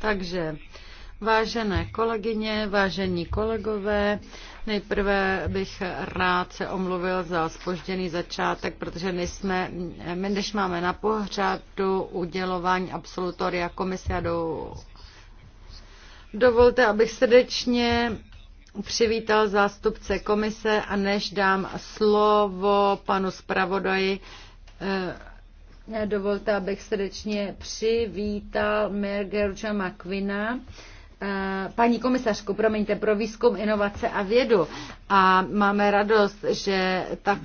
Takže, vážené kolegyně, vážení kolegové, Nejprve bych rád se omluvil za spožděný začátek, protože my jsme, my než máme na pořadu udělování absolutoria komise a do... Dovolte, abych srdečně přivítal zástupce komise a než dám slovo panu zpravodaji, eh, Dovolte, abych srdečně přivítal Mayor Makvina, eh, paní komisařku, promiňte, pro výzkum, inovace a vědu. A máme radost, že tak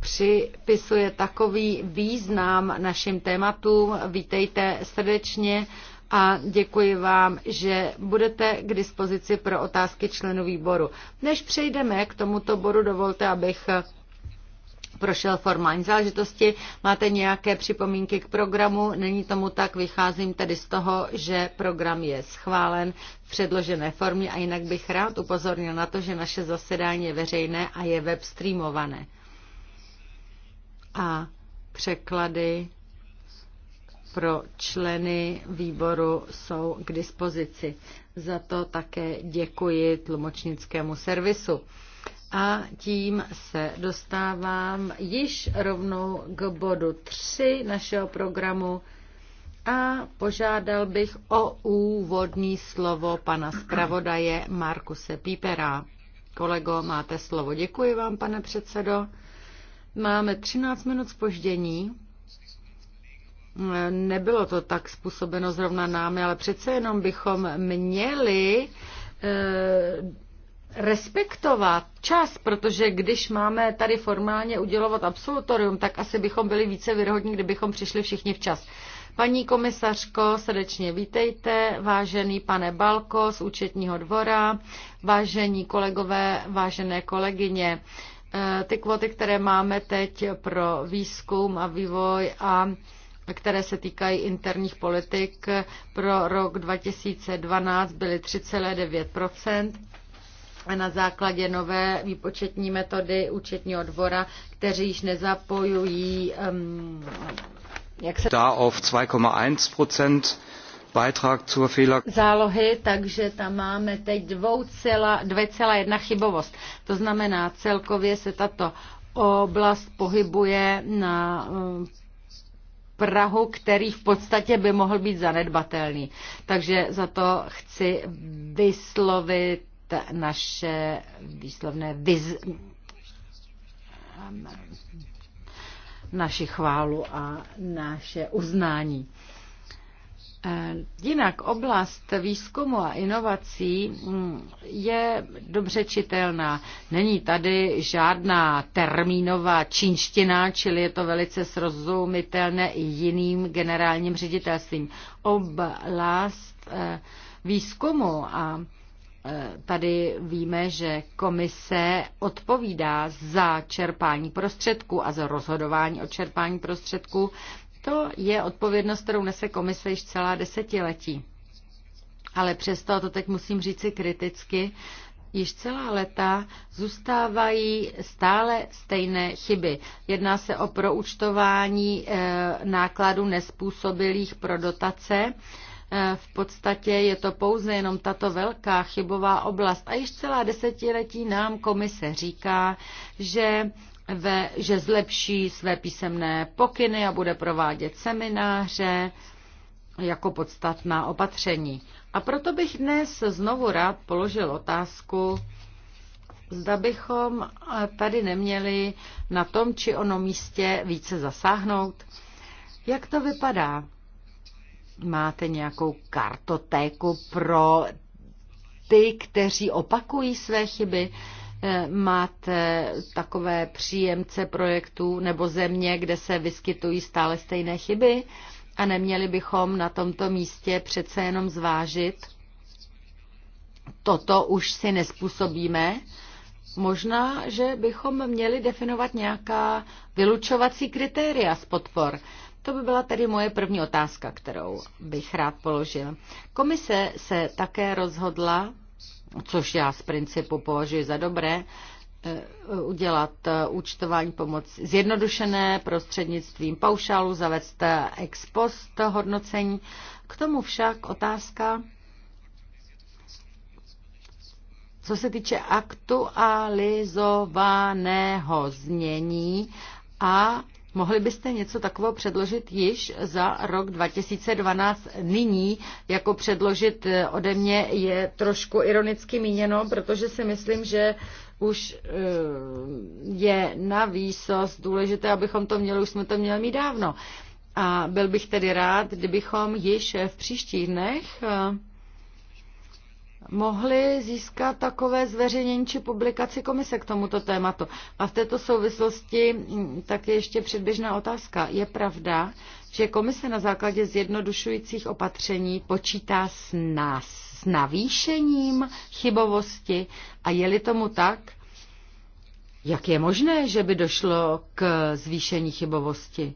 připisuje takový význam našim tématům. Vítejte srdečně a děkuji vám, že budete k dispozici pro otázky členů výboru. Než přejdeme k tomuto bodu, dovolte, abych prošel formální záležitosti. Máte nějaké připomínky k programu? Není tomu tak, vycházím tedy z toho, že program je schválen v předložené formě a jinak bych rád upozornil na to, že naše zasedání je veřejné a je streamované. A překlady pro členy výboru jsou k dispozici. Za to také děkuji tlumočnickému servisu. A tím se dostávám již rovnou k bodu 3 našeho programu a požádal bych o úvodní slovo pana zpravodaje Markuse Pípera. Kolego, máte slovo. Děkuji vám, pane předsedo. Máme 13 minut spoždění. Nebylo to tak způsobeno zrovna námi, ale přece jenom bychom měli eh, respektovat čas, protože když máme tady formálně udělovat absolutorium, tak asi bychom byli více vyrohodní, kdybychom přišli všichni včas. Paní komisařko, srdečně vítejte, vážený pane Balko z účetního dvora, vážení kolegové, vážené kolegyně. Eh, ty kvoty, které máme teď pro výzkum a vývoj a které se týkají interních politik pro rok 2012 byly 3,9 na základě nové výpočetní metody účetního dvora, kteří již nezapojují um, jak se... Dá auf 2,1 Beitrag zur Fehler... zálohy, takže tam máme teď 2,1 chybovost. To znamená, celkově se tato oblast pohybuje na um, Prahu, který v podstatě by mohl být zanedbatelný. Takže za to chci vyslovit naše výslovné viz, um, naši chválu a naše uznání. Eh, jinak oblast výzkumu a inovací mm, je dobře čitelná. Není tady žádná termínová čínština, čili je to velice srozumitelné i jiným generálním ředitelstvím. Oblast eh, výzkumu a Eh, tady víme, že komise odpovídá za čerpání prostředků a za rozhodování o čerpání prostředků. To je odpovědnost, kterou nese komise již celá desetiletí. Ale přesto, a to teď musím říci kriticky, již celá leta zůstávají stále stejné chyby. Jedná se o proučtování eh, nákladů nespůsobilých pro dotace v podstatě je to pouze jenom tato velká chybová oblast. A již celá desetiletí nám komise říká, že ve, že zlepší své písemné pokyny a bude provádět semináře jako podstatná opatření. A proto bych dnes znovu rád položil otázku, zda bychom tady neměli na tom či ono místě více zasáhnout. Jak to vypadá? máte nějakou kartotéku pro ty, kteří opakují své chyby? Eh, máte takové příjemce projektů nebo země, kde se vyskytují stále stejné chyby? A neměli bychom na tomto místě přece jenom zvážit, toto už si nespůsobíme, Možná, že bychom měli definovat nějaká vylučovací kritéria z podpor. To by byla tedy moje první otázka, kterou bych rád položil. Komise se také rozhodla, což já z principu považuji za dobré, eh, udělat eh, účtování pomoc zjednodušené prostřednictvím paušálu, zavést eh, ex post hodnocení. K tomu však otázka, co se týče aktualizovaného znění a Mohli byste něco takového předložit již za rok 2012 nyní, jako předložit eh, ode mě je trošku ironicky míněno, protože si myslím, že už eh, je na výsost důležité, abychom to měli, už jsme to měli mít dávno. A byl bych tedy rád, kdybychom již v příštích dnech eh, mohli získat takové zveřejnění či publikaci komise k tomuto tématu. A v této souvislosti mm, také ještě předběžná otázka. Je pravda, že komise na základě zjednodušujících opatření počítá s nás, s navýšením chybovosti a je-li tomu tak, jak je možné, že by došlo k zvýšení chybovosti,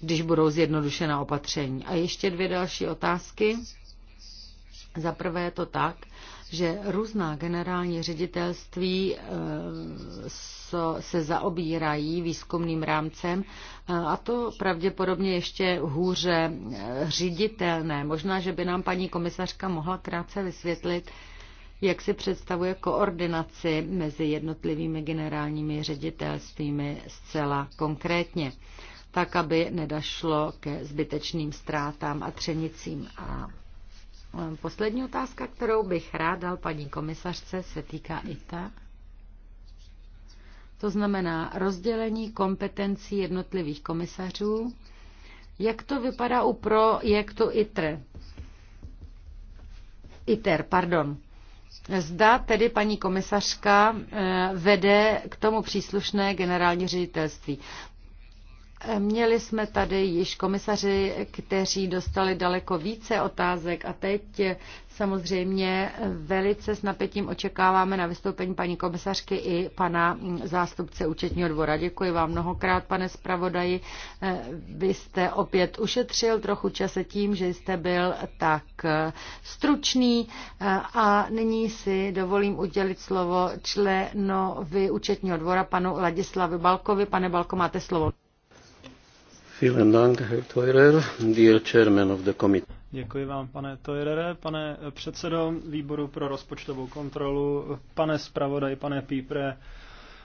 když budou zjednodušena opatření? A ještě dvě další otázky. Za prvé je to tak, že různá generální ředitelství eh, se zaobírají výzkumným rámcem eh, a to pravděpodobně ještě hůře eh, ředitelné. Možná, že by nám paní komisařka mohla krátce vysvětlit, jak si představuje koordinaci mezi jednotlivými generálními ředitelstvími zcela konkrétně, tak aby nedašlo ke zbytečným ztrátám a třenicím. A Eh, poslední otázka, kterou bych rád dal paní komisařce, se týká ITA. To znamená rozdělení kompetencí jednotlivých komisařů. Jak to vypadá u projektu ITR? ITER, pardon. Zda tedy paní komisařka eh, vede k tomu příslušné generální ředitelství. Měli jsme tady již komisaři, kteří dostali daleko více otázek a teď samozřejmě velice s napětím očekáváme na vystoupení paní komisařky i pana zástupce účetního dvora. Děkuji vám mnohokrát, pane zpravodaji. Vy jste opět ušetřil trochu čase tím, že jste byl tak stručný a nyní si dovolím udělit slovo členovi účetního dvora panu Ladislavu Balkovi. Pane Balko, máte slovo. Děkuji vám, pane Tojrere, pane předsedo výboru pro rozpočtovou kontrolu, pane zpravodaj, pane Pípre,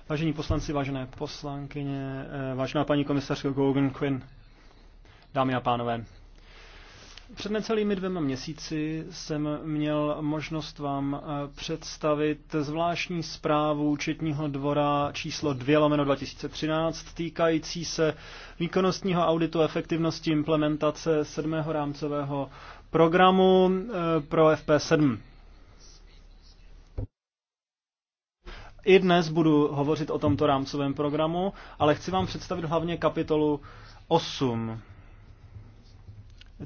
vážení poslanci, vážené poslankyně, eh, vážená paní komisařko Gogan Quinn, dámy a pánové. Před necelými dvěma měsíci jsem měl možnost vám eh, představit zvláštní zprávu Četního dvora číslo 2 lomeno 2013 týkající se výkonnostního auditu efektivnosti implementace sedmého rámcového programu eh, pro FP7. I dnes budu hovořit o tomto rámcovém programu, ale chci vám představit hlavně kapitolu 8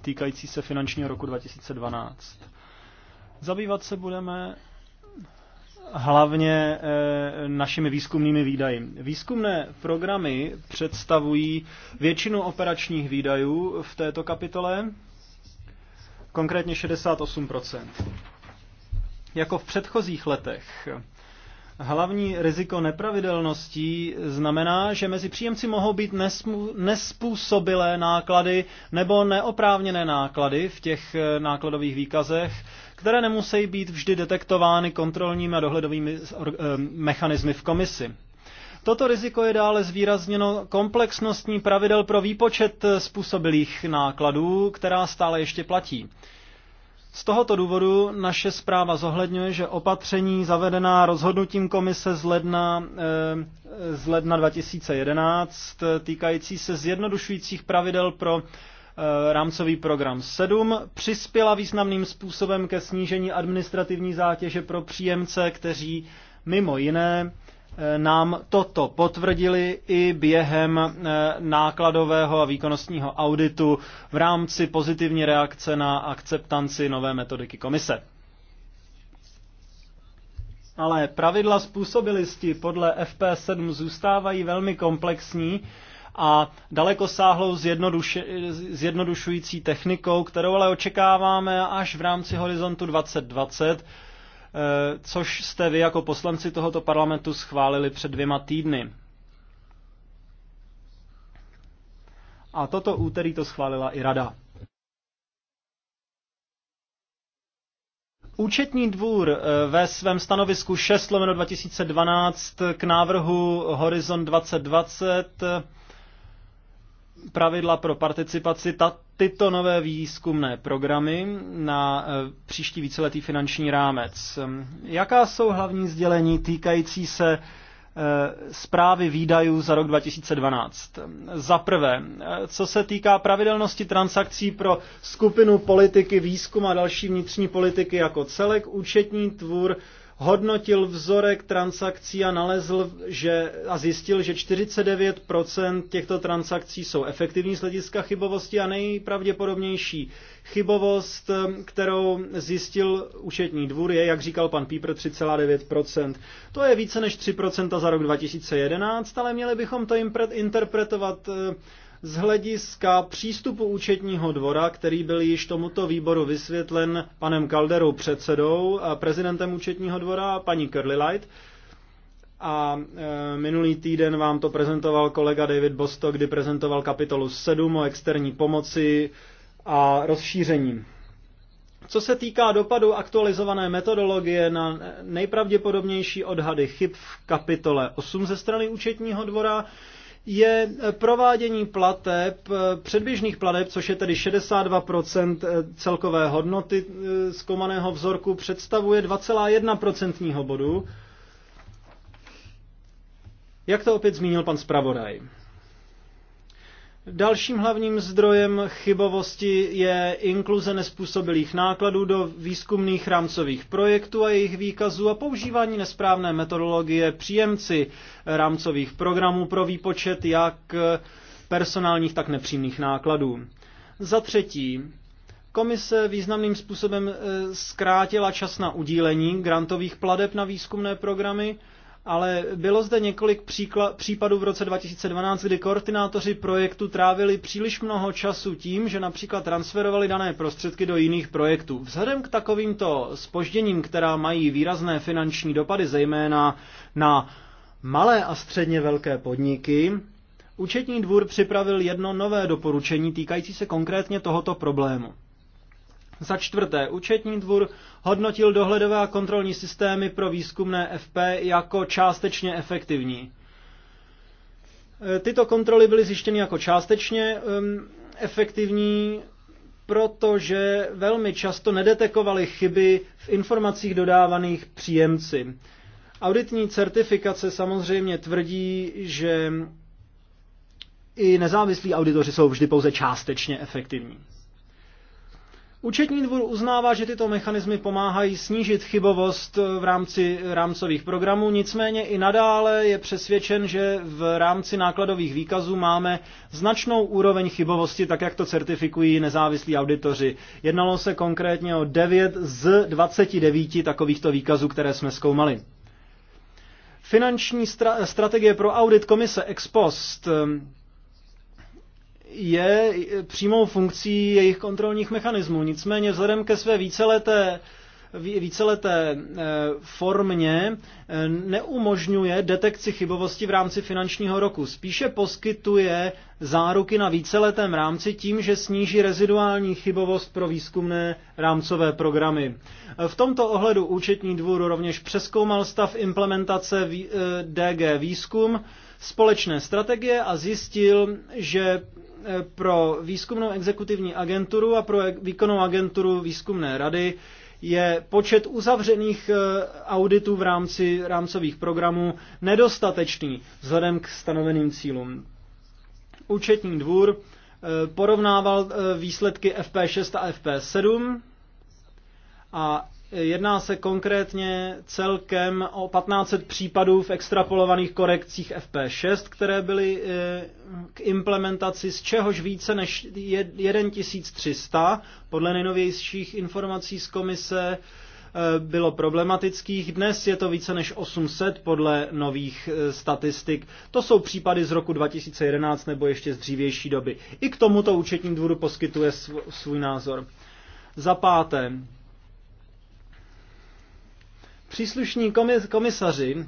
týkající se finančního roku 2012. Zabývat se budeme hlavně eh, našimi výzkumnými výdaji. Výzkumné programy představují většinu operačních výdajů v této kapitole, konkrétně 68 Jako v předchozích letech Hlavní riziko nepravidelností znamená, že mezi příjemci mohou být nespůsobilé náklady nebo neoprávněné náklady v těch eh, nákladových výkazech, které nemusí být vždy detektovány kontrolními a dohledovými eh, mechanismy v komisi. Toto riziko je dále zvýrazněno komplexnostní pravidel pro výpočet eh, způsobilých nákladů, která stále ještě platí. Z tohoto důvodu naše zpráva zohledňuje, že opatření zavedená rozhodnutím komise z ledna, eh, z ledna 2011 týkající se zjednodušujících pravidel pro eh, rámcový program 7 přispěla významným způsobem ke snížení administrativní zátěže pro příjemce, kteří mimo jiné Eh, nám toto potvrdili i během eh, nákladového a výkonnostního auditu v rámci pozitivní reakce na akceptanci nové metodiky komise. Ale pravidla způsobilosti podle FP7 zůstávají velmi komplexní a daleko sáhlou zjednodušující technikou, kterou ale očekáváme až v rámci Horizontu 2020, Eh, což jste vy jako poslanci tohoto parlamentu schválili před dvěma týdny. A toto úterý to schválila i rada. Účetní dvůr eh, ve svém stanovisku 6 2012 k návrhu Horizon 2020 pravidla pro participaci ta, tyto nové výzkumné programy na e, příští víceletý finanční rámec. Jaká jsou hlavní sdělení týkající se e, zprávy výdajů za rok 2012. Za prvé, e, co se týká pravidelnosti transakcí pro skupinu politiky výzkum a další vnitřní politiky jako celek, účetní tvůr hodnotil vzorek transakcí a nalezl že, a zjistil, že 49% těchto transakcí jsou efektivní z hlediska chybovosti a nejpravděpodobnější chybovost, kterou zjistil účetní dvůr, je, jak říkal pan Pípr, 3,9%. To je více než 3% za rok 2011, ale měli bychom to interpretovat eh, z hlediska přístupu účetního dvora, který byl již tomuto výboru vysvětlen panem Calderou předsedou, prezidentem účetního dvora, paní Light. A e, minulý týden vám to prezentoval kolega David Bosto, kdy prezentoval kapitolu 7 o externí pomoci a rozšíření. Co se týká dopadu aktualizované metodologie na nejpravděpodobnější odhady chyb v kapitole 8 ze strany účetního dvora, je provádění plateb, eh, předběžných plateb, což je tedy 62% eh, celkové hodnoty eh, zkoumaného vzorku, představuje 2,1% bodu. Jak to opět zmínil pan zpravodaj? Dalším hlavním zdrojem chybovosti je inkluze nespůsobilých nákladů do výzkumných rámcových projektů a jejich výkazů a používání nesprávné metodologie příjemci rámcových programů pro výpočet jak personálních, tak nepřímých nákladů. Za třetí, Komise významným způsobem eh, zkrátila čas na udílení grantových pladeb na výzkumné programy ale bylo zde několik příkla- případů v roce 2012, kdy koordinátoři projektu trávili příliš mnoho času tím, že například transferovali dané prostředky do jiných projektů. Vzhledem k takovýmto spožděním, která mají výrazné finanční dopady, zejména na malé a středně velké podniky, Účetní dvůr připravil jedno nové doporučení týkající se konkrétně tohoto problému. Za čtvrté, účetní dvůr hodnotil dohledové a kontrolní systémy pro výzkumné FP jako částečně efektivní. E, tyto kontroly byly zjištěny jako částečně um, efektivní, protože velmi často nedetekovaly chyby v informacích dodávaných příjemci. Auditní certifikace samozřejmě tvrdí, že i nezávislí auditoři jsou vždy pouze částečně efektivní. Účetní dvůr uznává, že tyto mechanismy pomáhají snížit chybovost eh, v rámci rámcových programů, nicméně i nadále je přesvědčen, že v rámci nákladových výkazů máme značnou úroveň chybovosti, tak jak to certifikují nezávislí auditoři. Jednalo se konkrétně o 9 z 29 takovýchto výkazů, které jsme zkoumali. Finanční stra- strategie pro audit komise ex post eh, je přímou funkcí jejich kontrolních mechanismů. Nicméně vzhledem ke své víceleté víceleté e, formě e, neumožňuje detekci chybovosti v rámci finančního roku. Spíše poskytuje záruky na víceletém rámci tím, že sníží reziduální chybovost pro výzkumné rámcové programy. E, v tomto ohledu účetní dvůr rovněž přeskoumal stav implementace DG výzkum společné strategie a zjistil, že e, pro výzkumnou exekutivní agenturu a pro e- výkonnou agenturu výzkumné rady je počet uzavřených e, auditů v rámci rámcových programů nedostatečný vzhledem k stanoveným cílům. Účetní dvůr porovnával výsledky FP6 a FP7 a Jedná se konkrétně celkem o 1500 případů v extrapolovaných korekcích FP6, které byly eh, k implementaci, z čehož více než 1300, podle nejnovějších informací z komise, eh, bylo problematických. Dnes je to více než 800 podle nových eh, statistik. To jsou případy z roku 2011 nebo ještě z dřívější doby. I k tomuto účetní dvoru poskytuje svůj názor. Za páté, Příslušní komisaři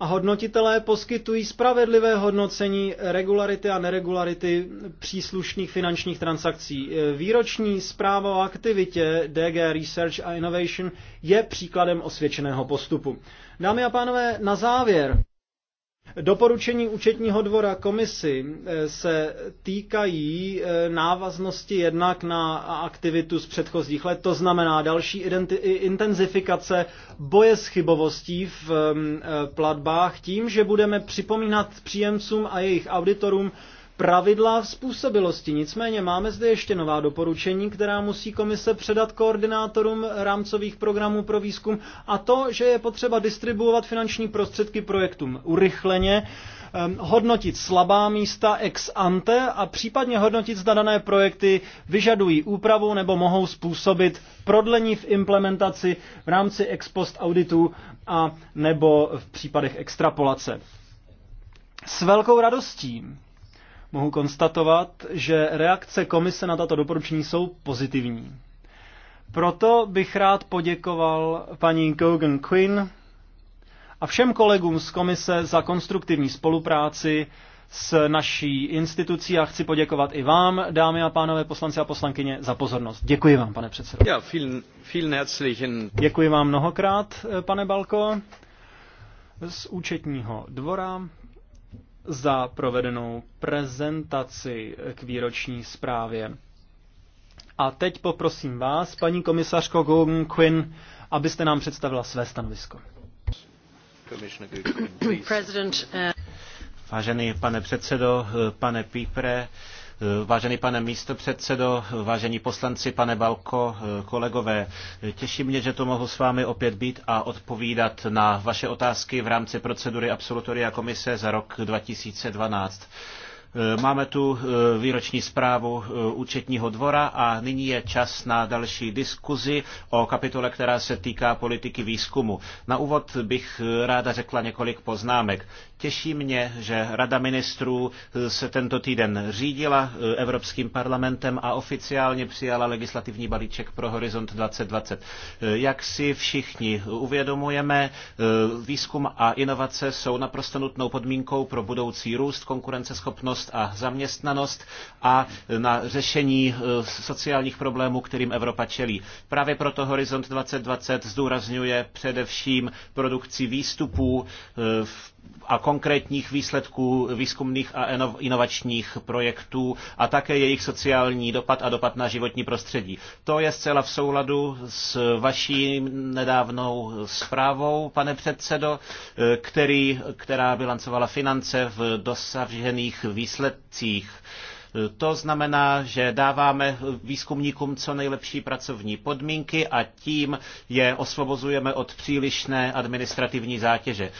a hodnotitelé poskytují spravedlivé hodnocení regularity a neregularity příslušných finančních transakcí. Výroční zpráva o aktivitě DG Research a Innovation je příkladem osvědčeného postupu. Dámy a pánové, na závěr Doporučení účetního dvora komisy eh, se týkají eh, návaznosti jednak na aktivitu z předchozích let, to znamená další intenzifikace boje s chybovostí v eh, platbách tím, že budeme připomínat příjemcům a jejich auditorům pravidla způsobilosti. Nicméně máme zde ještě nová doporučení, která musí komise předat koordinátorům rámcových programů pro výzkum a to, že je potřeba distribuovat finanční prostředky projektům urychleně, ehm, hodnotit slabá místa ex ante a případně hodnotit, zda dané projekty vyžadují úpravu nebo mohou způsobit prodlení v implementaci v rámci ex post auditu a nebo v případech extrapolace. S velkou radostí mohu konstatovat, že reakce komise na tato doporučení jsou pozitivní. Proto bych rád poděkoval paní Gogan Quinn a všem kolegům z komise za konstruktivní spolupráci s naší institucí a chci poděkovat i vám, dámy a pánové poslanci a poslankyně, za pozornost. Děkuji vám, pane předsedo. Ja, vielen, vielen Děkuji vám mnohokrát, eh, pane Balko, z účetního dvora za provedenou prezentaci k výroční zprávě. A teď poprosím vás, paní komisařko Golden Quinn, abyste nám představila své stanovisko. Uh, Vážený pane předsedo, uh, pane Pípre, Vážený pane místopředsedo, vážení poslanci, pane Balko, kolegové, těší mě, že to mohu s vámi opět být a odpovídat na vaše otázky v rámci procedury absolutoria komise za rok 2012. Máme tu eh, výroční zprávu eh, účetního dvora a nyní je čas na další diskuzi o kapitole, která se týká politiky výzkumu. Na úvod bych eh, ráda řekla několik poznámek. Těší mě, že Rada ministrů eh, se tento týden řídila eh, Evropským parlamentem a oficiálně přijala legislativní balíček pro Horizont 2020. Eh, jak si všichni uvědomujeme, výzkum a inovace jsou naprosto nutnou podmínkou pro budoucí růst, konkurenceschopnost a zaměstnanost a na řešení sociálních problémů, kterým Evropa čelí. Právě proto Horizont 2020 zdůrazňuje především produkci výstupů v a konkrétních výsledků výzkumných a inovačních projektů a také jejich sociální dopad a dopad na životní prostředí. To je zcela v souladu s vaší nedávnou zprávou, pane předsedo, který, která bilancovala finance v dosažených výsledcích to znamená, že dáváme výzkumníkům co nejlepší pracovní podmínky a tím je osvobozujeme od přílišné administrativní zátěže.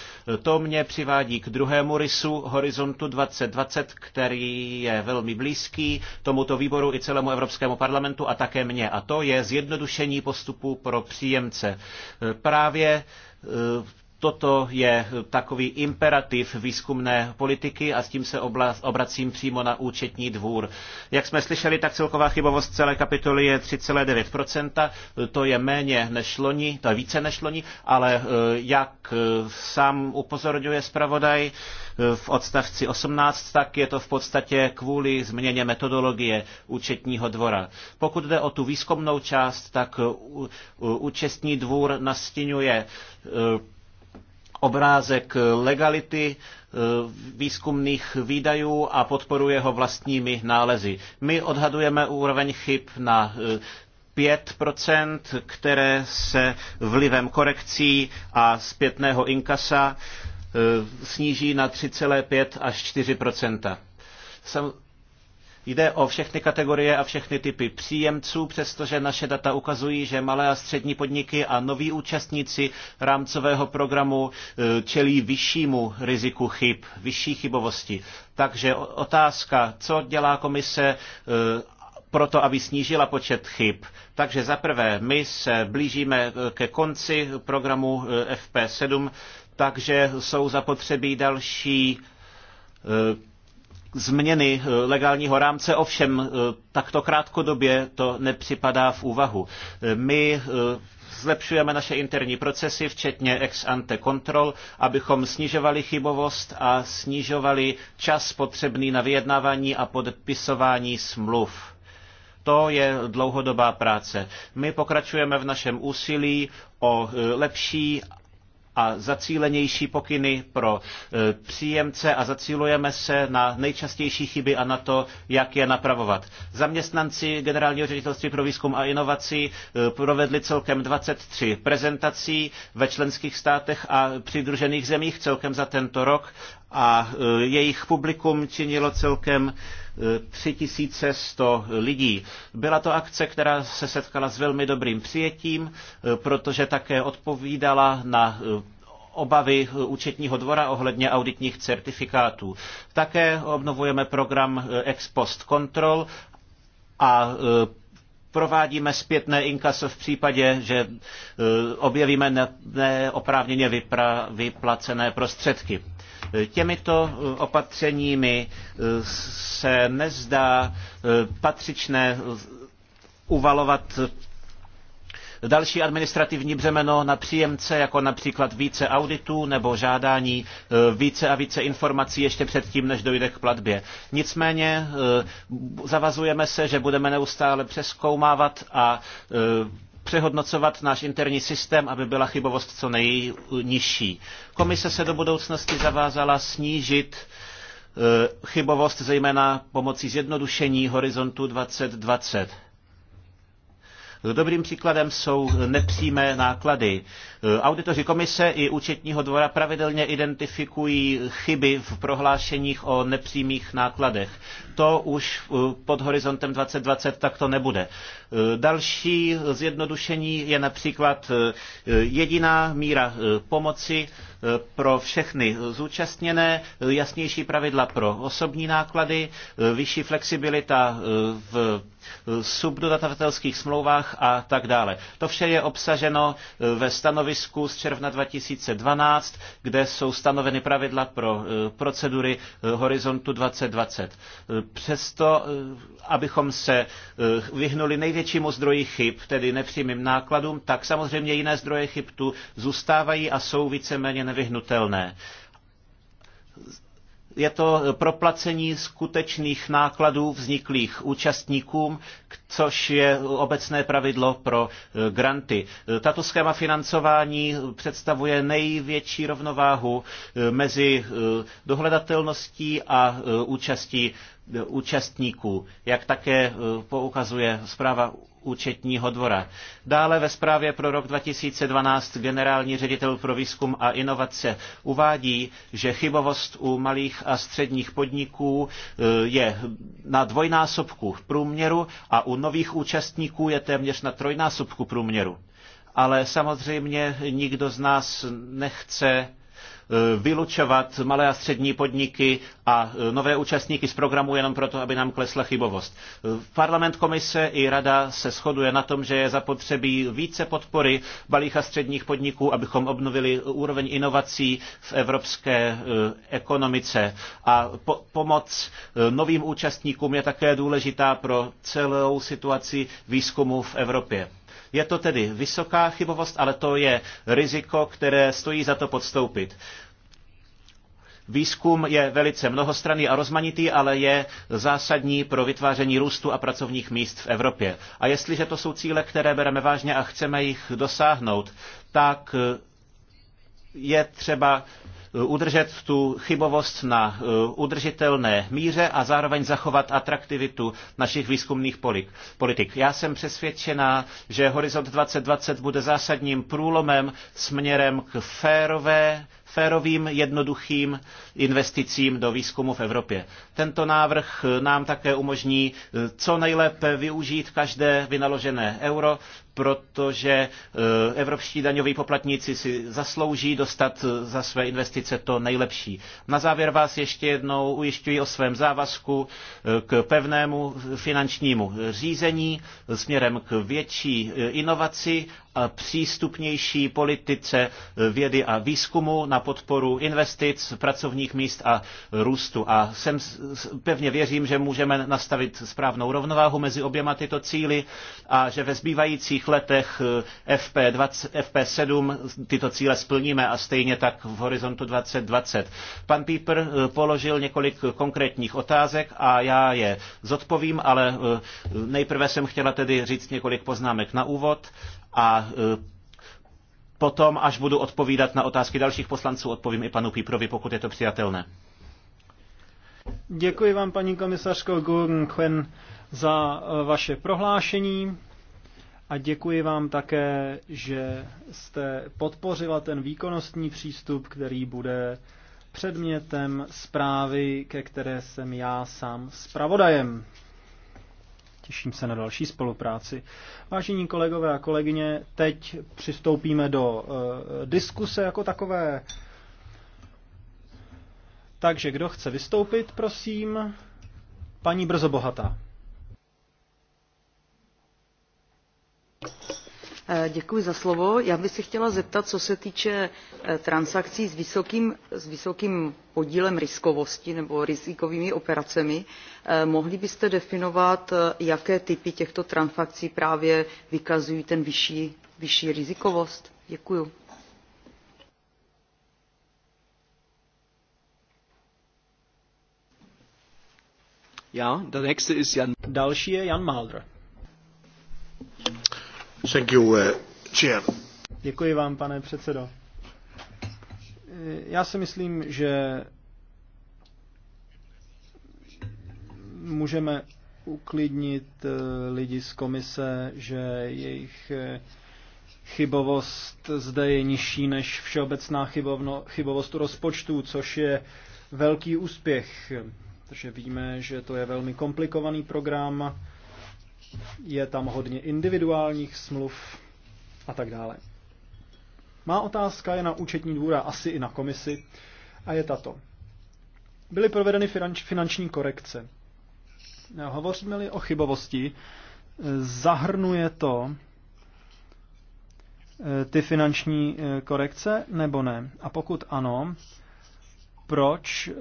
To mě přivádí k druhému rysu Horizontu 2020, který je velmi blízký tomuto výboru i celému Evropskému parlamentu a také mně. A to je zjednodušení postupu pro příjemce. Právě toto je takový imperativ výzkumné politiky a s tím se obracím přímo na účetní dvůr. Jak jsme slyšeli, tak celková chybovost celé kapitoly je 3,9%. To je méně než loni, to je více než loni, ale e, jak e, sám upozorňuje zpravodaj e, v odstavci 18, tak je to v podstatě kvůli změně metodologie účetního dvora. Pokud jde o tu výzkumnou část, tak účetní dvůr nastínuje obrázek legality eh, výzkumných výdajů a podporuje ho vlastními nálezy. My odhadujeme úroveň chyb na 5%, eh, které se vlivem korekcí a zpětného inkasa eh, sníží na 3,5 až 4%. Sam, Jde o všechny kategorie a všechny typy příjemců, přestože naše data ukazují, že malé a střední podniky a noví účastníci rámcového programu e, čelí vyššímu riziku chyb, vyšší chybovosti. Takže otázka, co dělá komise e, proto, aby snížila počet chyb. Takže za prvé, my se blížíme e, ke konci programu FP7, takže jsou zapotřebí další změny eh, legálního rámce, ovšem eh, takto krátkodobě to nepřipadá v úvahu. Eh, my zlepšujeme naše interní procesy, včetně ex ante kontrol, abychom snižovali chybovost a snižovali čas potřebný na vyjednávání a podpisování smluv. To je dlouhodobá práce. My pokračujeme v našem úsilí o lepší a zacílenější pokyny pro e, příjemce a zacílujeme se na nejčastější chyby a na to, jak je napravovat. Zaměstnanci Generálního ředitelství pro výzkum a inovaci e, provedli celkem 23 prezentací ve členských státech a přidružených zemích celkem za tento rok a e, jejich publikum činilo celkem 3100 e, lidí. Byla to akce, která se setkala s velmi dobrým přijetím, e, protože také odpovídala na obavy účetního dvora ohledně auditních certifikátů. Také obnovujeme program ex post Control a provádíme zpětné inkaso v případě, že e, objevíme neoprávněně vypra, vyplacené prostředky. E, těmito e, opatřeními se nezdá patřičné uvalovat další administrativní břemeno na příjemce, jako například více auditů nebo žádání e, více a více informací ještě předtím, než dojde k platbě. Nicméně e, zavazujeme se, že budeme neustále přeskoumávat a e, přehodnocovat náš interní systém, aby byla chybovost co nejnižší. Komise se do budoucnosti zavázala snížit chybovost zejména pomocí zjednodušení horizontu 2020. Dobrým příkladem jsou nepřímé náklady. Auditoři komise i účetního dvora pravidelně identifikují chyby v prohlášeních o nepřímých nákladech. To už pod horizontem 2020 tak to nebude. Další zjednodušení je například jediná míra pomoci pro všechny zúčastněné, jasnější pravidla pro osobní náklady, vyšší flexibilita v subdodatavatelských smlouvách a tak dále. To vše je obsaženo ve stanovisku z června 2012, kde jsou stanoveny pravidla pro eh, procedury eh, Horizontu 2020. Eh, přesto, abychom se vyhnuli největšímu zdroji chyb, tedy nepřímým nákladům, tak samozřejmě jiné zdroje chyb tu zůstávají a jsou víceméně nevyhnutelné. Je to proplacení skutečných nákladů vzniklých účastníkům, což je obecné pravidlo pro e, granty. E, tato schéma financování představuje největší rovnováhu e, mezi dohledatelností a účastí účastníků, jak také poukazuje zpráva účetního dvora. Dále ve zprávě pro rok 2012 generální ředitel pro výzkum a inovace uvádí, že chybovost u malých a středních podniků eh, je na dvojnásobku průměru a u nových účastníků je téměř na trojnásobku průměru. Ale samozřejmě nikdo z nás nechce vylučovat malé a střední podniky a e, nové účastníky z programu jenom proto, aby nám klesla chybovost. Parlament, komise i rada se shoduje na tom, že je zapotřebí více podpory malých a středních podniků, abychom obnovili úroveň inovací v evropské e, ekonomice. A po- pomoc e, novým účastníkům je také důležitá pro celou situaci výzkumu v Evropě. Je to tedy vysoká chybovost, ale to je riziko, které stojí za to podstoupit. Výzkum je velice mnohostranný a rozmanitý, ale je zásadní pro vytváření růstu a pracovních míst v Evropě. A jestliže to jsou cíle, které bereme vážně a chceme jich dosáhnout, tak je třeba udržet tu chybovost na eh, udržitelné míře a zároveň zachovat atraktivitu našich výzkumných politik. Já jsem přesvědčená, že Horizont 2020 bude zásadním průlomem směrem k férové férovým, jednoduchým investicím do výzkumu v Evropě. Tento návrh nám také umožní eh, co nejlépe využít každé vynaložené euro, protože eh, evropští daňoví poplatníci si zaslouží dostat eh, za své investice to nejlepší. Na závěr vás ještě jednou ujišťuji o svém závazku k pevnému finančnímu řízení směrem k větší inovaci přístupnější politice e, vědy a výzkumu na podporu investic, pracovních míst a růstu. A jsem, pevně věřím, že můžeme nastavit správnou rovnováhu mezi oběma tyto cíly a že ve zbývajících letech FP20, e, FP7 tyto cíle splníme a stejně tak v horizontu 2020. Pan Píper e, položil několik konkrétních otázek a já je zodpovím, ale nejprve jsem chtěla tedy říct několik poznámek na úvod a e, potom, až budu odpovídat na otázky dalších poslanců, odpovím i panu Píprovi, pokud je to přijatelné. Děkuji vám, paní komisařko Gurnkwen, za e, vaše prohlášení a děkuji vám také, že jste podpořila ten výkonnostní přístup, který bude předmětem zprávy, ke které jsem já sám zpravodajem. Těším se na další spolupráci. Vážení kolegové a kolegyně, teď přistoupíme do uh, diskuse jako takové. Takže kdo chce vystoupit, prosím, paní Brzo Brzobohatá. Eh, děkuji za slovo. Já bych se chtěla zeptat, co se týče eh, transakcí s vysokým, podílem riskovosti nebo rizikovými operacemi. Eh, mohli byste definovat, jaké typy těchto transakcí právě vykazují ten vyšší, rizikovost? Děkuji. Ja, der nächste ist Jan. Další je Jan Maldr. Thank you, uh, chair. Děkuji vám, pane předsedo. Já si myslím, že můžeme uklidnit eh, lidi z komise, že jejich eh, chybovost zde je nižší než všeobecná chybovno, chybovost rozpočtu, což je velký úspěch, protože víme, že to je velmi komplikovaný program, je tam hodně individuálních smluv a tak dále. Má otázka je na účetní dvůra, asi i na komisi, a je tato. Byly provedeny finanč, finanční korekce. Hovoříme-li o chybovosti, zahrnuje to eh, ty finanční eh, korekce nebo ne? A pokud ano, proč eh,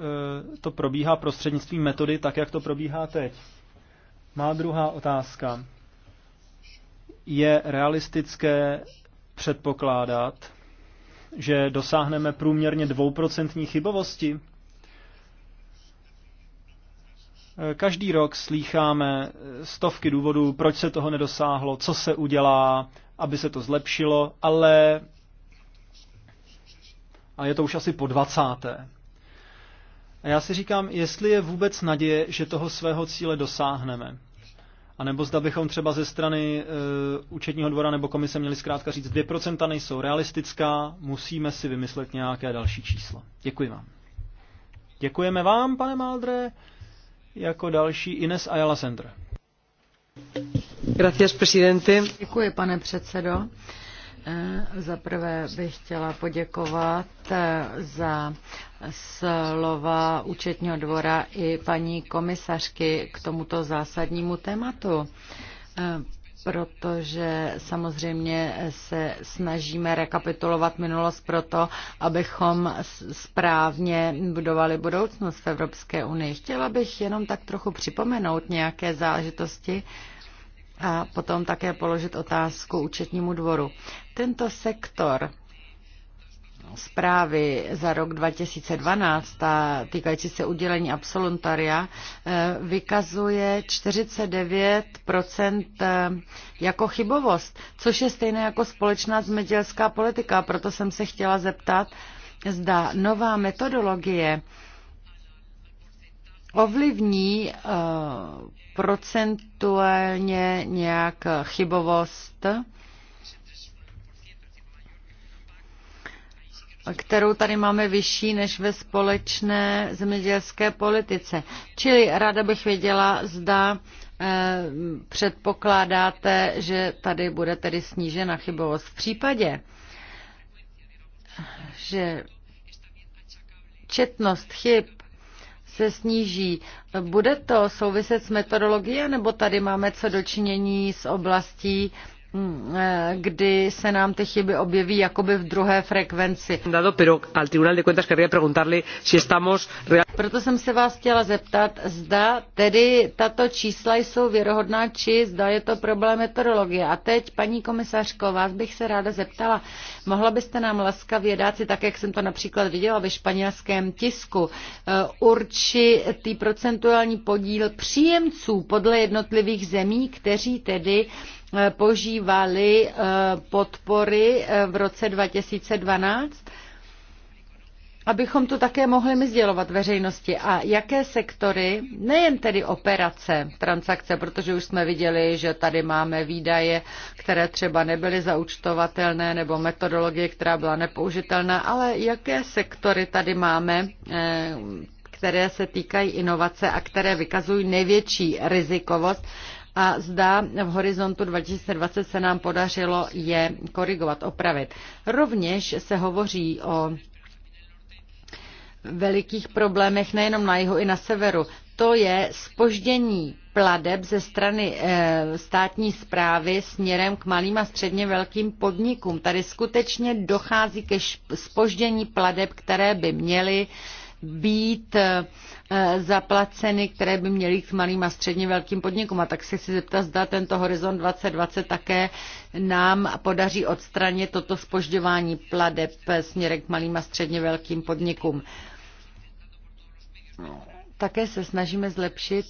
to probíhá prostřednictvím metody tak, jak to probíhá teď? Má druhá otázka. Je realistické předpokládat, že dosáhneme průměrně dvouprocentní chybovosti? Každý rok slýcháme stovky důvodů, proč se toho nedosáhlo, co se udělá, aby se to zlepšilo, ale a je to už asi po dvacáté. A já si říkám, jestli je vůbec naděje, že toho svého cíle dosáhneme. A nebo zda bychom třeba ze strany e, účetního dvora nebo komise měli zkrátka říct, 2% nejsou realistická, musíme si vymyslet nějaké další číslo. Děkuji vám. Děkujeme vám, pane Maldre, jako další Ines Ayala Center. Gracias, presidente. Děkuji, pane předsedo. E, za prvé bych chtěla poděkovat e, za slova účetního dvora i paní komisařky k tomuto zásadnímu tématu e, protože samozřejmě se snažíme rekapitulovat minulost proto, abychom správně budovali budoucnost v Evropské unii. Chtěla bych jenom tak trochu připomenout nějaké záležitosti, a potom také položit otázku účetnímu dvoru. Tento sektor zprávy za rok 2012, a týkající se udělení absolutaria, eh, vykazuje 49 eh, jako chybovost, což je stejné jako společná zemědělská politika. Proto jsem se chtěla zeptat, zda nová metodologie ovlivní eh, procentuálně nějak chybovost, kterou tady máme vyšší než ve společné zemědělské politice. Čili ráda bych věděla, zda eh, předpokládáte, že tady bude tedy snížena chybovost. V případě, že četnost chyb se sníží. Bude to souviset s metodologií, nebo tady máme co dočinění s oblastí, Mm, eh, kdy se nám ty chyby objeví jakoby v druhé frekvenci. Proto jsem se vás chtěla zeptat, zda tedy tato čísla jsou věrohodná, či zda je to problém meteorologie. A teď, paní komisařko, vás bych se ráda zeptala, mohla byste nám laskavě dát si, tak jak jsem to například viděla ve španělském tisku, eh, určit procentuální podíl příjemců podle jednotlivých zemí, kteří tedy Eh, požívali eh, podpory eh, v roce 2012, abychom to také mohli my sdělovat veřejnosti. A jaké sektory, nejen tedy operace, transakce, protože už jsme viděli, že tady máme výdaje, které třeba nebyly zaučtovatelné, nebo metodologie, která byla nepoužitelná, ale jaké sektory tady máme, které se týkají inovace a které vykazují největší rizikovost a zda v horizontu 2020 se nám podařilo je korigovat, opravit. Rovněž se hovoří o velikých problémech nejenom na jihu i na severu. To je spoždění pladeb ze strany e, státní zprávy směrem k malým a středně velkým podnikům. Tady skutečně dochází ke spoždění pladeb, které by měly být eh, Eh, zaplaceny, které by měly k malým a středně velkým podnikům. A tak se si zeptat, zda tento Horizont 2020 také nám podaří odstranit toto spožďování pladeb směrem k malým a středně velkým podnikům. Také se snažíme zlepšit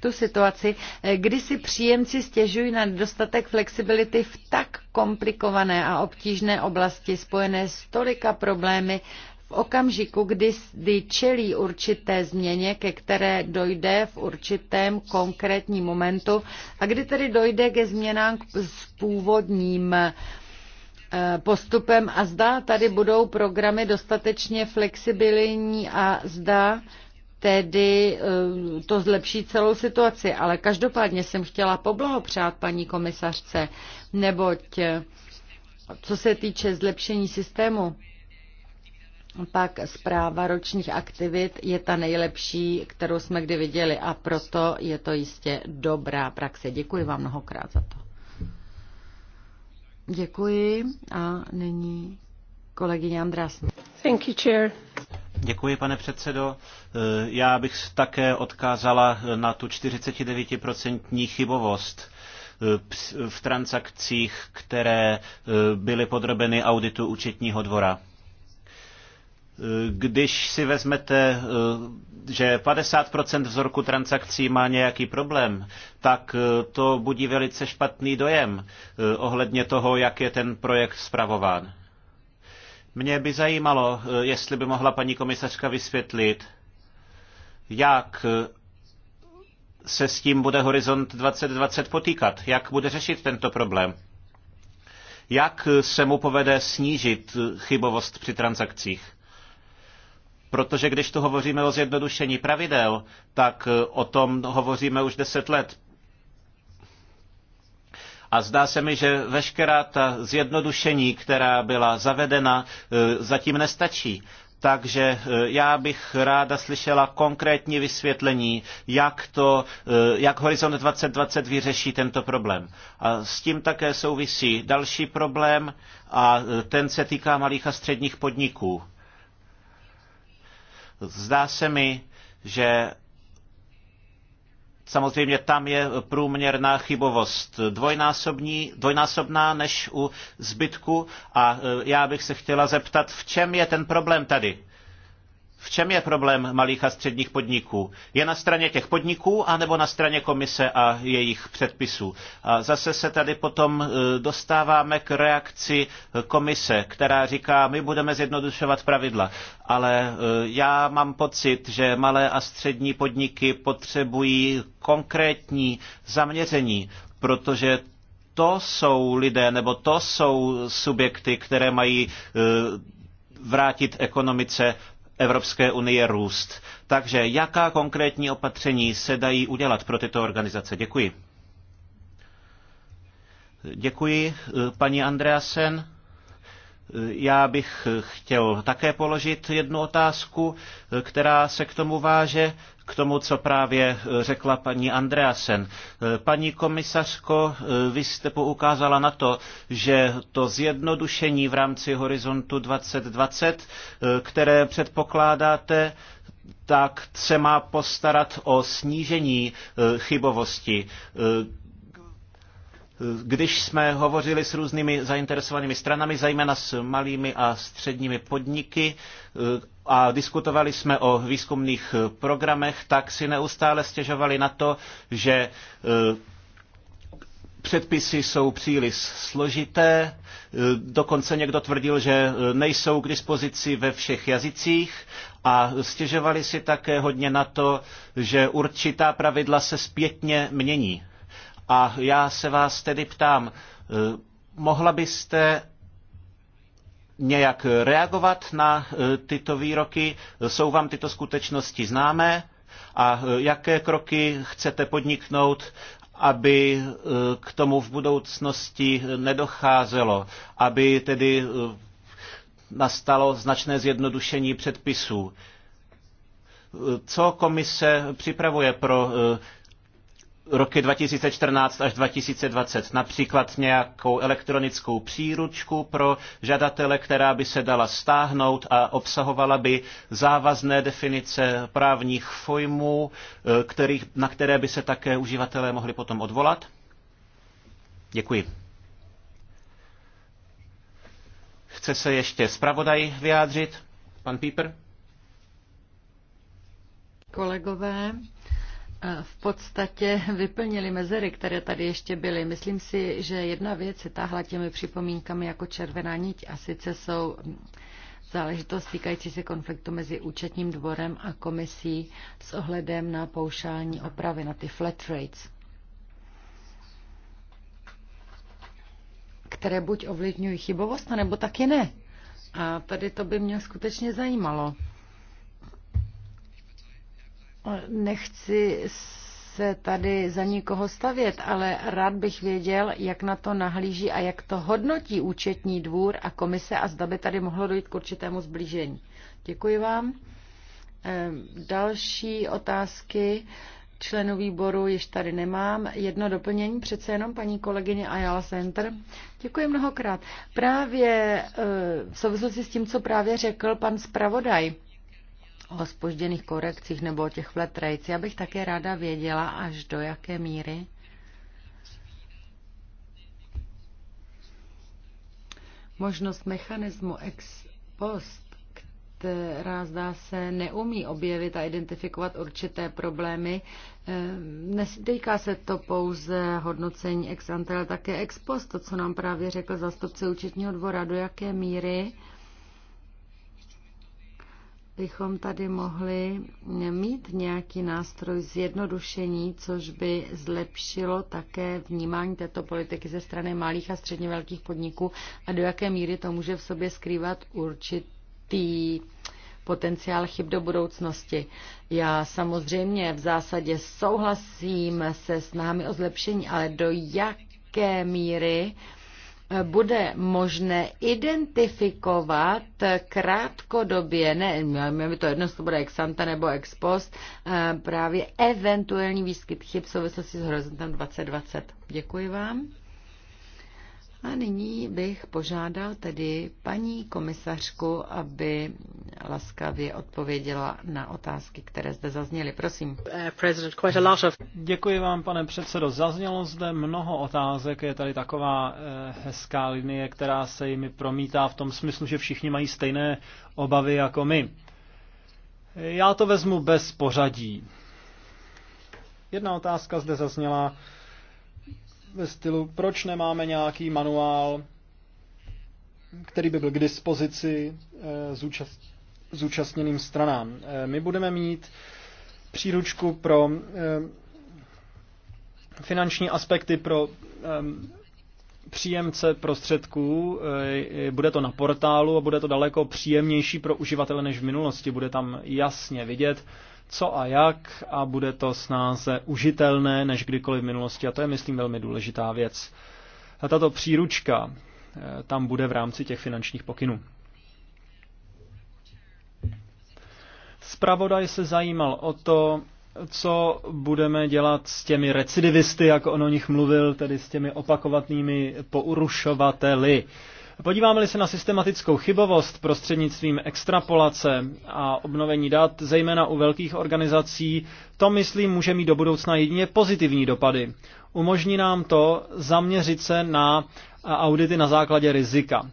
tu situaci, eh, kdy si příjemci stěžují na dostatek flexibility v tak komplikované a obtížné oblasti spojené s tolika problémy v okamžiku, kdy, kdy čelí určité změně, ke které dojde v určitém konkrétním momentu a kdy tedy dojde ke změnám s původním eh, postupem a zda tady budou programy dostatečně flexibilní a zda tedy eh, to zlepší celou situaci. Ale každopádně jsem chtěla poblahopřát paní komisařce, neboť eh, co se týče zlepšení systému, pak zpráva ročních aktivit je ta nejlepší, kterou jsme kdy viděli a proto je to jistě dobrá praxe. Děkuji vám mnohokrát za to. Děkuji a nyní kolegyně András. Thank you, chair. Děkuji, pane předsedo. Já bych také odkázala na tu 49% chybovost v transakcích, které byly podrobeny auditu účetního dvora když si vezmete, eh, že 50% vzorku transakcí má nějaký problém, tak eh, to budí velice špatný dojem eh, ohledně toho, jak je ten projekt zpravován. Mě by zajímalo, jestli by mohla paní komisařka vysvětlit, jak se s tím bude Horizont 2020 potýkat, jak bude řešit tento problém, jak se mu povede snížit chybovost při transakcích Protože když tu hovoříme o zjednodušení pravidel, tak eh, o tom hovoříme už deset let. A zdá se mi, že veškerá ta zjednodušení, která byla zavedena, eh, zatím nestačí. Takže eh, já bych ráda slyšela konkrétní vysvětlení, jak, to, jak Horizont 2020 vyřeší tento problém. A s tím také souvisí další problém a ten se týká malých a středních podniků. Zdá se mi, že Samozřejmě tam je průměrná chybovost dvojnásobní, dvojnásobná než u zbytku a e, já bych se chtěla zeptat, v čem je ten problém tady? V čem je problém malých a středních podniků? Je na straně těch podniků anebo na straně komise a jejich předpisů? A zase se tady potom e, dostáváme k reakci komise, která říká, my budeme zjednodušovat pravidla. Ale e, já mám pocit, že malé a střední podniky potřebují konkrétní zaměření, protože to jsou lidé nebo to jsou subjekty, které mají e, vrátit ekonomice Evropské unie růst. Takže jaká konkrétní opatření se dají udělat pro tyto organizace? Děkuji. Děkuji, eh, paní Andreasen. Já bych chtěl také položit jednu otázku, která se k tomu váže, k tomu, co právě řekla paní Andreasen. Paní komisařko, vy jste poukázala na to, že to zjednodušení v rámci horizontu 2020, které předpokládáte, tak se má postarat o snížení chybovosti. Když jsme hovořili s různými zainteresovanými stranami, zejména s malými a středními podniky, a diskutovali jsme o výzkumných programech, tak si neustále stěžovali na to, že e, předpisy jsou příliš složité, e, dokonce někdo tvrdil, že e, nejsou k dispozici ve všech jazycích a stěžovali si také hodně na to, že určitá pravidla se zpětně mění. A já se vás tedy ptám, eh, mohla byste nějak reagovat na eh, tyto výroky? Jsou vám tyto skutečnosti známé? A eh, jaké kroky chcete podniknout, aby k tomu v budoucnosti nedocházelo, aby tedy nastalo značné zjednodušení předpisů. Co komise připravuje pro roky 2014 až 2020, například nějakou elektronickou příručku pro žadatele, která by se dala stáhnout a obsahovala by závazné definice právních pojmů, eh, kterých, na které by se také uživatelé mohli potom odvolat? Děkuji. Chce se ještě zpravodaj vyjádřit? Pan Píper? Kolegové, v podstatě vyplnili mezery, které tady ještě byly. Myslím si, že jedna věc se táhla těmi připomínkami jako červená niť a sice jsou záležitost týkající se konfliktu mezi účetním dvorem a komisí s ohledem na poušální opravy, na ty flat rates, které buď ovlivňují chybovost, nebo taky ne. A tady to by mě skutečně zajímalo. Nechci se tady za nikoho stavět, ale rád bych věděl, jak na to nahlíží a jak to hodnotí účetní dvůr a komise a zda by tady mohlo dojít k určitému zblížení. Děkuji vám. Ehm, další otázky členů výboru již tady nemám. Jedno doplnění přece jenom paní kolegyně Ayala Center. Děkuji mnohokrát. Právě eh, v souvislosti s tím, co právě řekl pan zpravodaj, o spožděných korekcích nebo o těch flat rates. Já bych také ráda věděla, až do jaké míry možnost mechanismu ex post, která zdá se neumí objevit a identifikovat určité problémy. Eh, netýká se to pouze hodnocení ex ante, ale také ex post, to, co nám právě řekl zastupce účetního dvora, do jaké míry bychom tady mohli mít nějaký nástroj zjednodušení, což by zlepšilo také vnímání této politiky ze strany malých a středně velkých podniků a do jaké míry to může v sobě skrývat určitý potenciál chyb do budoucnosti. Já samozřejmě v zásadě souhlasím se snahami o zlepšení, ale do jaké míry bude možné identifikovat krátkodobě, ne, by to jedno, to bude ex ante nebo ex post, eh, právě eventuální výskyt chyb v souvislosti s horizontem 2020. Děkuji vám. A nyní bych požádal tedy paní komisařku, aby laskavě odpověděla na otázky, které zde zazněly. Prosím. Uh, Děkuji vám, pane předsedo. Zaznělo zde mnoho otázek. Je tady taková eh, hezká linie, která se jimi promítá v tom smyslu, že všichni mají stejné obavy jako my. Já to vezmu bez pořadí. Jedna otázka zde zazněla ve stylu, proč nemáme nějaký manuál, který by byl k dispozici eh, zúčastněným stranám. Eh, my budeme mít příručku pro eh, finanční aspekty pro příjemce prostředků, bude to na portálu a bude to daleko příjemnější pro uživatele než v minulosti. Bude tam jasně vidět, co a jak a bude to snáze užitelné než kdykoliv v minulosti. A to je, myslím, velmi důležitá věc. A tato příručka eh, tam bude v rámci těch finančních pokynů. Spravodaj se zajímal o to, co budeme dělat s těmi recidivisty, jak on o nich mluvil, tedy s těmi opakovatnými porušovateli. Uh, Podíváme-li se na systematickou chybovost prostřednictvím extrapolace a obnovení dat, zejména u velkých organizací, to myslím může mít do budoucna jedině pozitivní dopady. Umožní nám to zaměřit se na audity na základě rizika.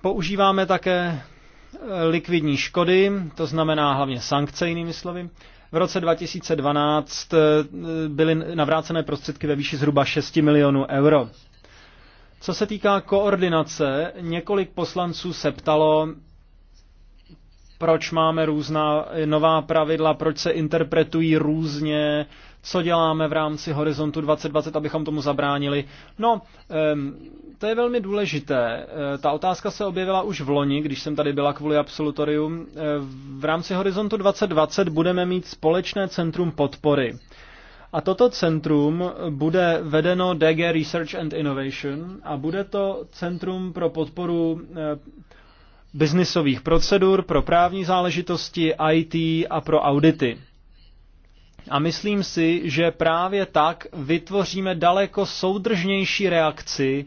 Používáme také eh, likvidní škody, to znamená hlavně sankce, jinými slovy. V roce 2012 eh, byly navrácené prostředky ve výši zhruba 6 milionů euro. Co se týká koordinace, několik poslanců se ptalo, proč máme různá nová pravidla, proč se interpretují různě, co děláme v rámci Horizontu 2020, abychom tomu zabránili. No, to je velmi důležité. E, ta otázka se objevila už v loni, když jsem tady byla kvůli absolutoriu. E, v rámci Horizontu 2020 budeme mít společné centrum podpory. A toto centrum bude vedeno DG Research and Innovation a bude to centrum pro podporu eh, biznisových procedur, pro právní záležitosti, IT a pro audity. A myslím si, že právě tak vytvoříme daleko soudržnější reakci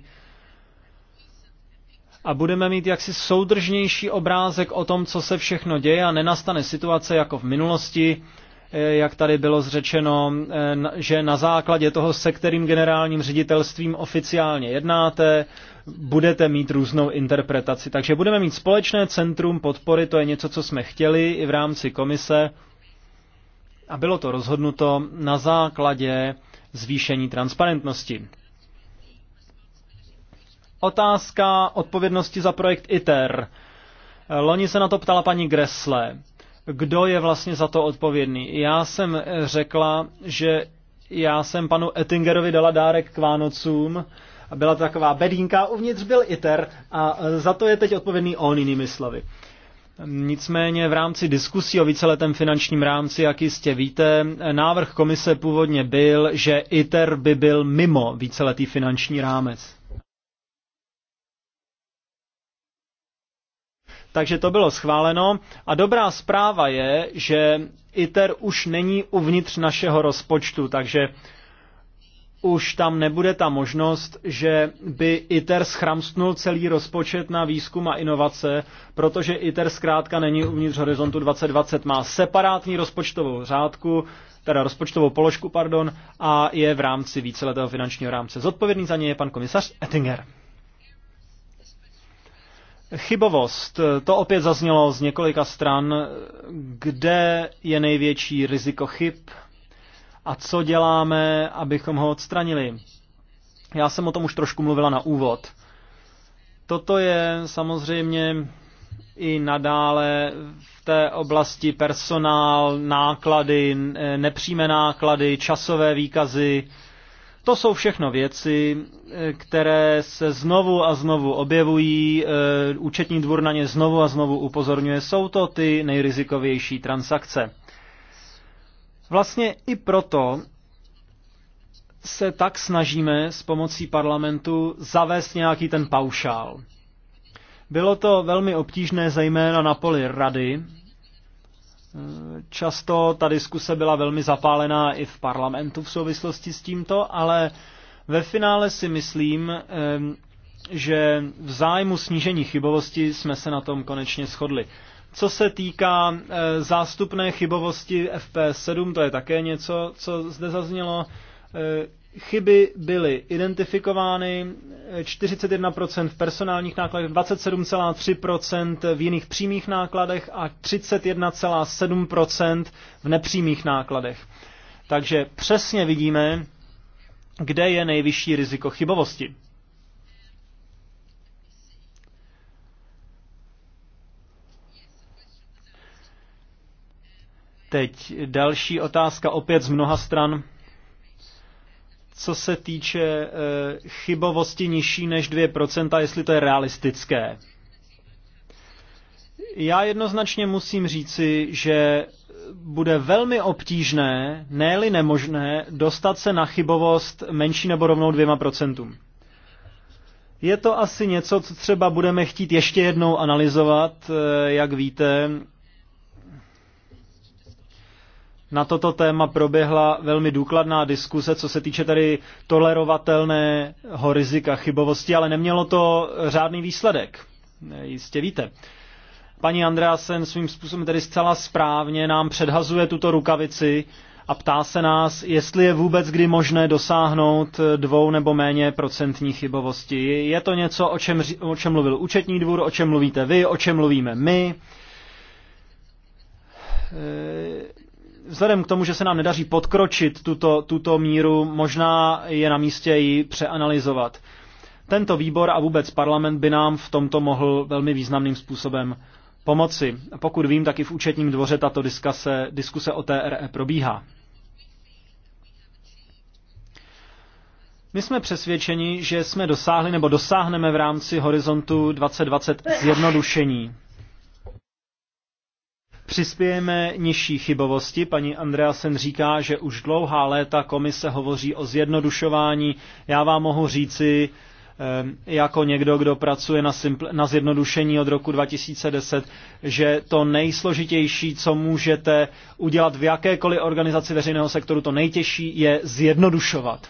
a budeme mít jaksi soudržnější obrázek o tom, co se všechno děje a nenastane situace jako v minulosti, Eh, jak tady bylo zřečeno, eh, že na základě toho, se kterým generálním ředitelstvím oficiálně jednáte, budete mít různou interpretaci. Takže budeme mít společné centrum podpory, to je něco, co jsme chtěli i v rámci komise. A bylo to rozhodnuto na základě zvýšení transparentnosti. Otázka odpovědnosti za projekt ITER. Eh, loni se na to ptala paní Gressle kdo je vlastně za to odpovědný. Já jsem eh, řekla, že já jsem panu Ettingerovi dala dárek k Vánocům, byla to taková bedínka, uvnitř byl ITER a eh, za to je teď odpovědný on, jinými slovy. Nicméně v rámci diskusí o víceletém finančním rámci, jak jistě víte, eh, návrh komise původně byl, že ITER by byl mimo víceletý finanční rámec. Takže to bylo schváleno. A dobrá zpráva je, že ITER už není uvnitř našeho rozpočtu, takže už tam nebude ta možnost, že by ITER schramstnul celý rozpočet na výzkum a inovace, protože ITER zkrátka není uvnitř horizontu 2020, má separátní rozpočtovou řádku, teda rozpočtovou položku, pardon, a je v rámci víceletého finančního rámce. Zodpovědný za ně je pan komisař Ettinger. Chybovost, to opět zaznělo z několika stran, kde je největší riziko chyb a co děláme, abychom ho odstranili. Já jsem o tom už trošku mluvila na úvod. Toto je samozřejmě i nadále v té oblasti personál, náklady, nepřímé náklady, časové výkazy, to jsou všechno věci, eh, které se znovu a znovu objevují, eh, účetní dvůr na ně znovu a znovu upozorňuje, jsou to ty nejrizikovější transakce. Vlastně i proto se tak snažíme s pomocí parlamentu zavést nějaký ten paušál. Bylo to velmi obtížné zejména na poli rady, Často ta diskuse byla velmi zapálená i v parlamentu v souvislosti s tímto, ale ve finále si myslím, že v zájmu snížení chybovosti jsme se na tom konečně shodli. Co se týká e, zástupné chybovosti FP7, to je také něco, co zde zaznělo e, Chyby byly identifikovány eh, 41% v personálních nákladech, 27,3% v jiných přímých nákladech a 31,7% v nepřímých nákladech. Takže přesně vidíme, kde je nejvyšší riziko chybovosti. Teď další otázka opět z mnoha stran co se týče eh, chybovosti nižší než 2%, jestli to je realistické. Já jednoznačně musím říci, že bude velmi obtížné, ne-li nemožné, dostat se na chybovost menší nebo rovnou dvěma procentům. Je to asi něco, co třeba budeme chtít ještě jednou analyzovat, eh, jak víte, na toto téma proběhla velmi důkladná diskuse, co se týče tady tolerovatelného rizika chybovosti, ale nemělo to řádný výsledek. Jistě víte. Paní Andreasen svým způsobem tedy zcela správně nám předhazuje tuto rukavici a ptá se nás, jestli je vůbec kdy možné dosáhnout dvou nebo méně procentní chybovosti. Je to něco, o čem, o čem mluvil účetní dvůr, o čem mluvíte vy, o čem mluvíme my. Vzhledem k tomu, že se nám nedaří podkročit tuto, tuto míru, možná je na místě ji přeanalyzovat. Tento výbor a vůbec parlament by nám v tomto mohl velmi významným způsobem pomoci. Pokud vím, tak i v účetním dvoře tato diskuse, diskuse o TRE probíhá. My jsme přesvědčeni, že jsme dosáhli nebo dosáhneme v rámci horizontu 2020 zjednodušení. Přispějeme nižší chybovosti. Paní Andreasen říká, že už dlouhá léta komise hovoří o zjednodušování. Já vám mohu říci, ehm, jako někdo, kdo pracuje na, simpl- na zjednodušení od roku 2010, že to nejsložitější, co můžete udělat v jakékoliv organizaci veřejného sektoru, to nejtěžší je zjednodušovat.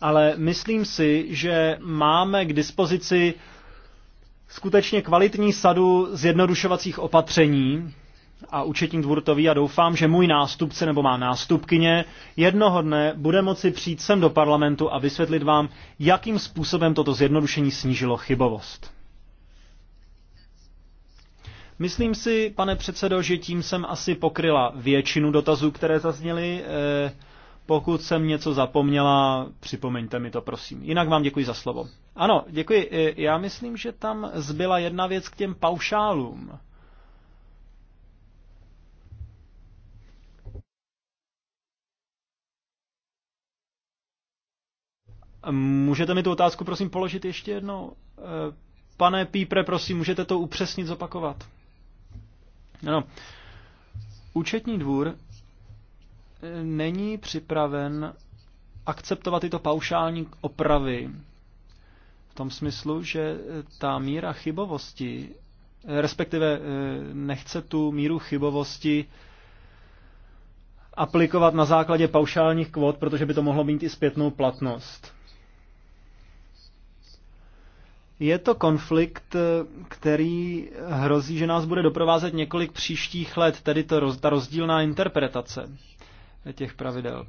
Ale myslím si, že máme k dispozici skutečně kvalitní sadu zjednodušovacích opatření, a účetní dvůr to ví a doufám, že můj nástupce nebo má nástupkyně jednoho dne bude moci přijít sem do parlamentu a vysvětlit vám, jakým způsobem toto zjednodušení snížilo chybovost. Myslím si, pane předsedo, že tím jsem asi pokryla většinu dotazů, které zazněly. Eh, pokud jsem něco zapomněla, připomeňte mi to, prosím. Jinak vám děkuji za slovo. Ano, děkuji. Eh, já myslím, že tam zbyla jedna věc k těm paušálům. Můžete mi tu otázku prosím položit ještě jednou? Eh, pane Pípre, prosím, můžete to upřesnit, zopakovat? Ano. Účetní dvůr eh, není připraven akceptovat tyto paušální opravy v tom smyslu, že eh, ta míra chybovosti, respektive nechce tu míru chybovosti aplikovat na základě paušálních kvot, protože by to mohlo mít i zpětnou platnost. Je to konflikt, eh, který hrozí, že nás bude doprovázet několik příštích let, tedy to, roz, ta rozdílná interpretace těch pravidel.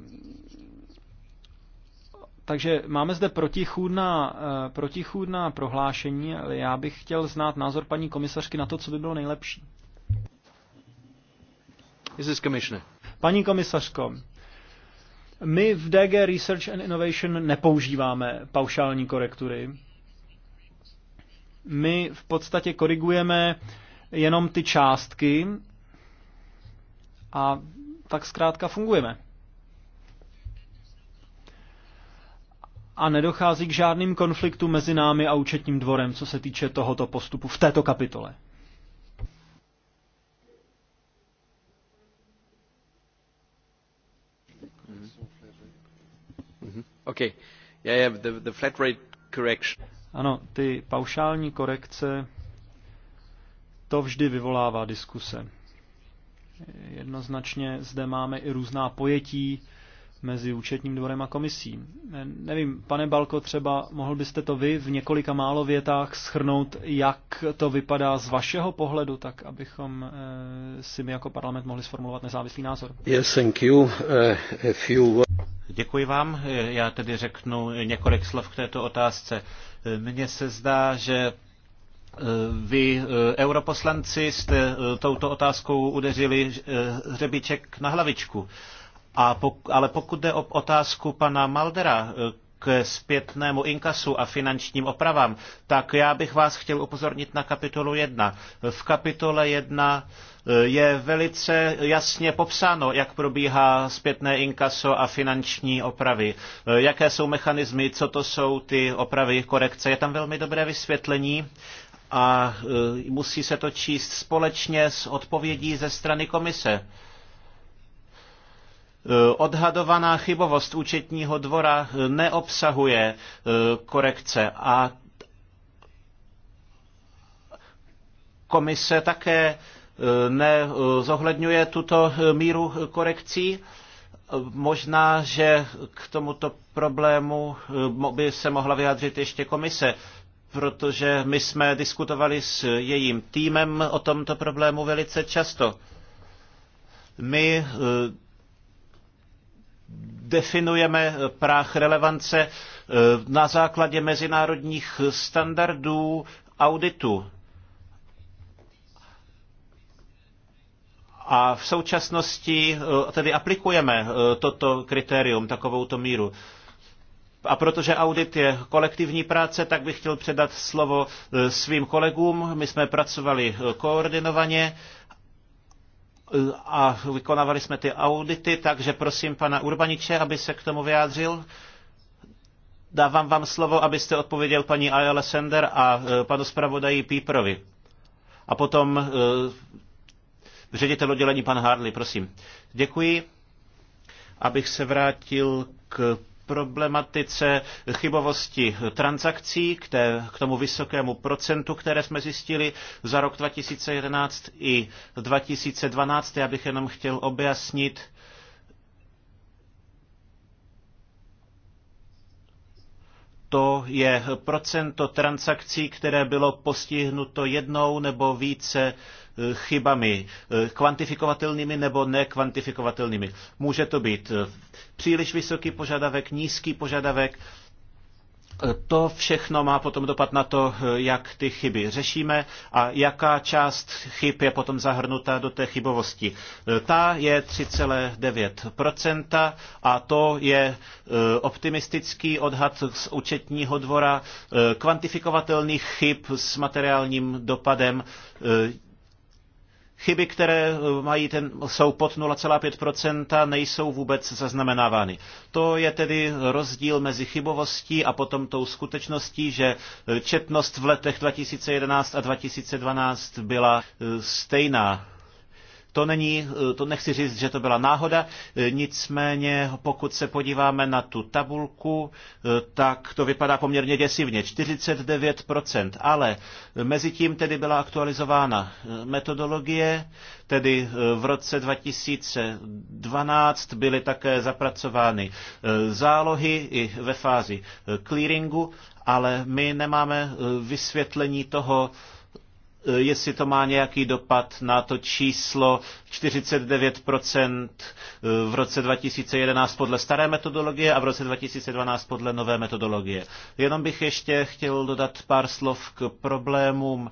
Takže máme zde protichůdná, eh, protichůdná prohlášení, ale já bych chtěl znát názor paní komisařky na to, co by bylo nejlepší. Paní komisařko, my v DG Research and Innovation nepoužíváme paušální korektury my v podstatě korigujeme jenom ty částky a tak zkrátka fungujeme. A nedochází k žádným konfliktu mezi námi a účetním dvorem, co se týče tohoto postupu v této kapitole. Mhm. Mhm. Okay. Yeah, yeah, the, the flat rate correction. Ano, ty paušální korekce, to vždy vyvolává diskuse. Jednoznačně zde máme i různá pojetí mezi účetním dvorem a komisí. Nevím, pane Balko, třeba mohl byste to vy v několika málo větách schrnout, jak to vypadá z vašeho pohledu, tak abychom eh, si my jako parlament mohli sformulovat nezávislý názor. Yes, thank you. Uh, a few... Děkuji vám. Já tedy řeknu několik slov k této otázce. Mně se zdá, že e, vy, e, europoslanci, jste e, touto otázkou udeřili hřebíček na hlavičku. A pok- ale pokud jde o otázku pana Maldera, k zpětnému inkasu a finančním opravám, tak já bych vás chtěl upozornit na kapitolu 1. V kapitole 1 eh, je velice jasně popsáno, jak probíhá zpětné inkaso a finanční opravy, eh, jaké jsou mechanismy, co to jsou ty opravy, korekce. Je tam velmi dobré vysvětlení a eh, musí se to číst společně s odpovědí ze strany komise Eh, odhadovaná chybovost účetního dvora eh, neobsahuje eh, korekce a komise také nezohledňuje tuto míru korekcí. Možná, že k tomuto problému by se mohla vyjádřit ještě komise, protože my jsme diskutovali s jejím týmem o tomto problému velice často. My definujeme práh relevance eh, na základě mezinárodních standardů auditu. A v současnosti eh, tedy aplikujeme eh, toto kritérium, takovouto míru. A protože audit je kolektivní práce, tak bych chtěl předat slovo svým kolegům. My jsme pracovali koordinovaně a vykonávali jsme ty audity, takže prosím pana Urbaniče, aby se k tomu vyjádřil. Dávám vám slovo, abyste odpověděl paní Ayala Sender a e, panu zpravodaji Píprovi. A potom e, ředitel oddělení pan Harley, prosím. Děkuji. Abych se vrátil k problematice chybovosti transakcí, k, té, k tomu vysokému procentu, které jsme zjistili za rok 2011 i 2012. Já bych jenom chtěl objasnit, to je procento transakcí, které bylo postihnuto jednou nebo více chybami, eh, kvantifikovatelnými nebo nekvantifikovatelnými. Může to být eh, příliš vysoký požadavek, nízký požadavek, eh, to všechno má potom dopad na to, jak ty chyby řešíme a jaká část chyb je potom zahrnuta do té chybovosti. Ta je 3,9% a to je optimistický odhad z účetního dvora kvantifikovatelných chyb s materiálním dopadem Chyby, které eh, mají ten, jsou pod 0,5%, nejsou vůbec zaznamenávány. To je tedy rozdíl mezi chybovostí a potom tou skutečností, že eh, četnost v letech 2011 a 2012 byla eh, stejná to, není, to nechci říct, že to byla náhoda, nicméně pokud se podíváme na tu tabulku, tak to vypadá poměrně děsivně, 49%, ale mezi tím tedy byla aktualizována metodologie, tedy eh, v roce 2012 byly také zapracovány eh, zálohy i ve fázi eh, clearingu, ale my nemáme vysvětlení toho, Eh, jestli to má nějaký dopad na to číslo 49% eh, v roce 2011 podle staré metodologie a v roce 2012 podle nové metodologie. Jenom bych ještě chtěl dodat pár slov k problémům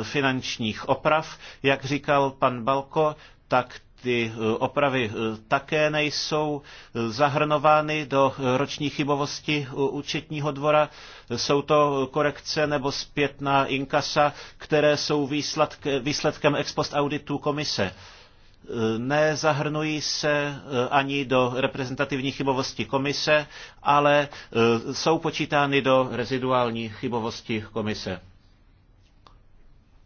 eh, finančních oprav. Jak říkal pan Balko, tak ty eh, opravy eh, také nejsou eh, zahrnovány do roční chybovosti účetního dvora. Jsou to korekce nebo zpětná inkasa, které jsou výsledkem ex post auditu komise nezahrnují se ani do reprezentativní chybovosti komise, ale jsou počítány do reziduální chybovosti komise.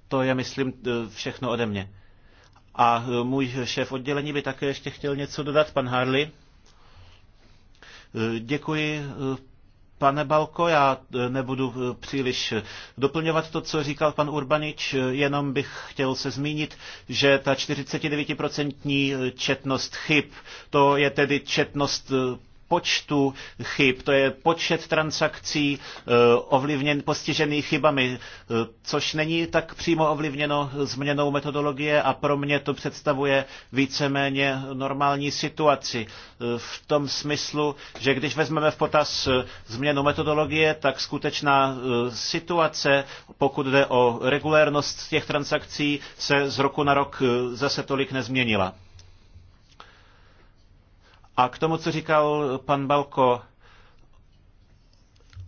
To je, myslím, všechno ode mě. A eh, můj šéf oddělení by také ještě chtěl něco dodat, pan Harley. Eh, děkuji, eh, Pane Balko, já nebudu příliš doplňovat to, co říkal pan Urbanič, jenom bych chtěl se zmínit, že ta 49% četnost chyb, to je tedy četnost počtu chyb, to je počet transakcí eh, ovlivněn, postižených chybami, eh, což není tak přímo ovlivněno změnou metodologie a pro mě to představuje víceméně normální situaci. Eh, v tom smyslu, že když vezmeme v potaz změnu metodologie, tak skutečná situace, pokud jde o regulérnost těch transakcí, se z roku na rok zase tolik nezměnila. A k tomu, co říkal pan Balko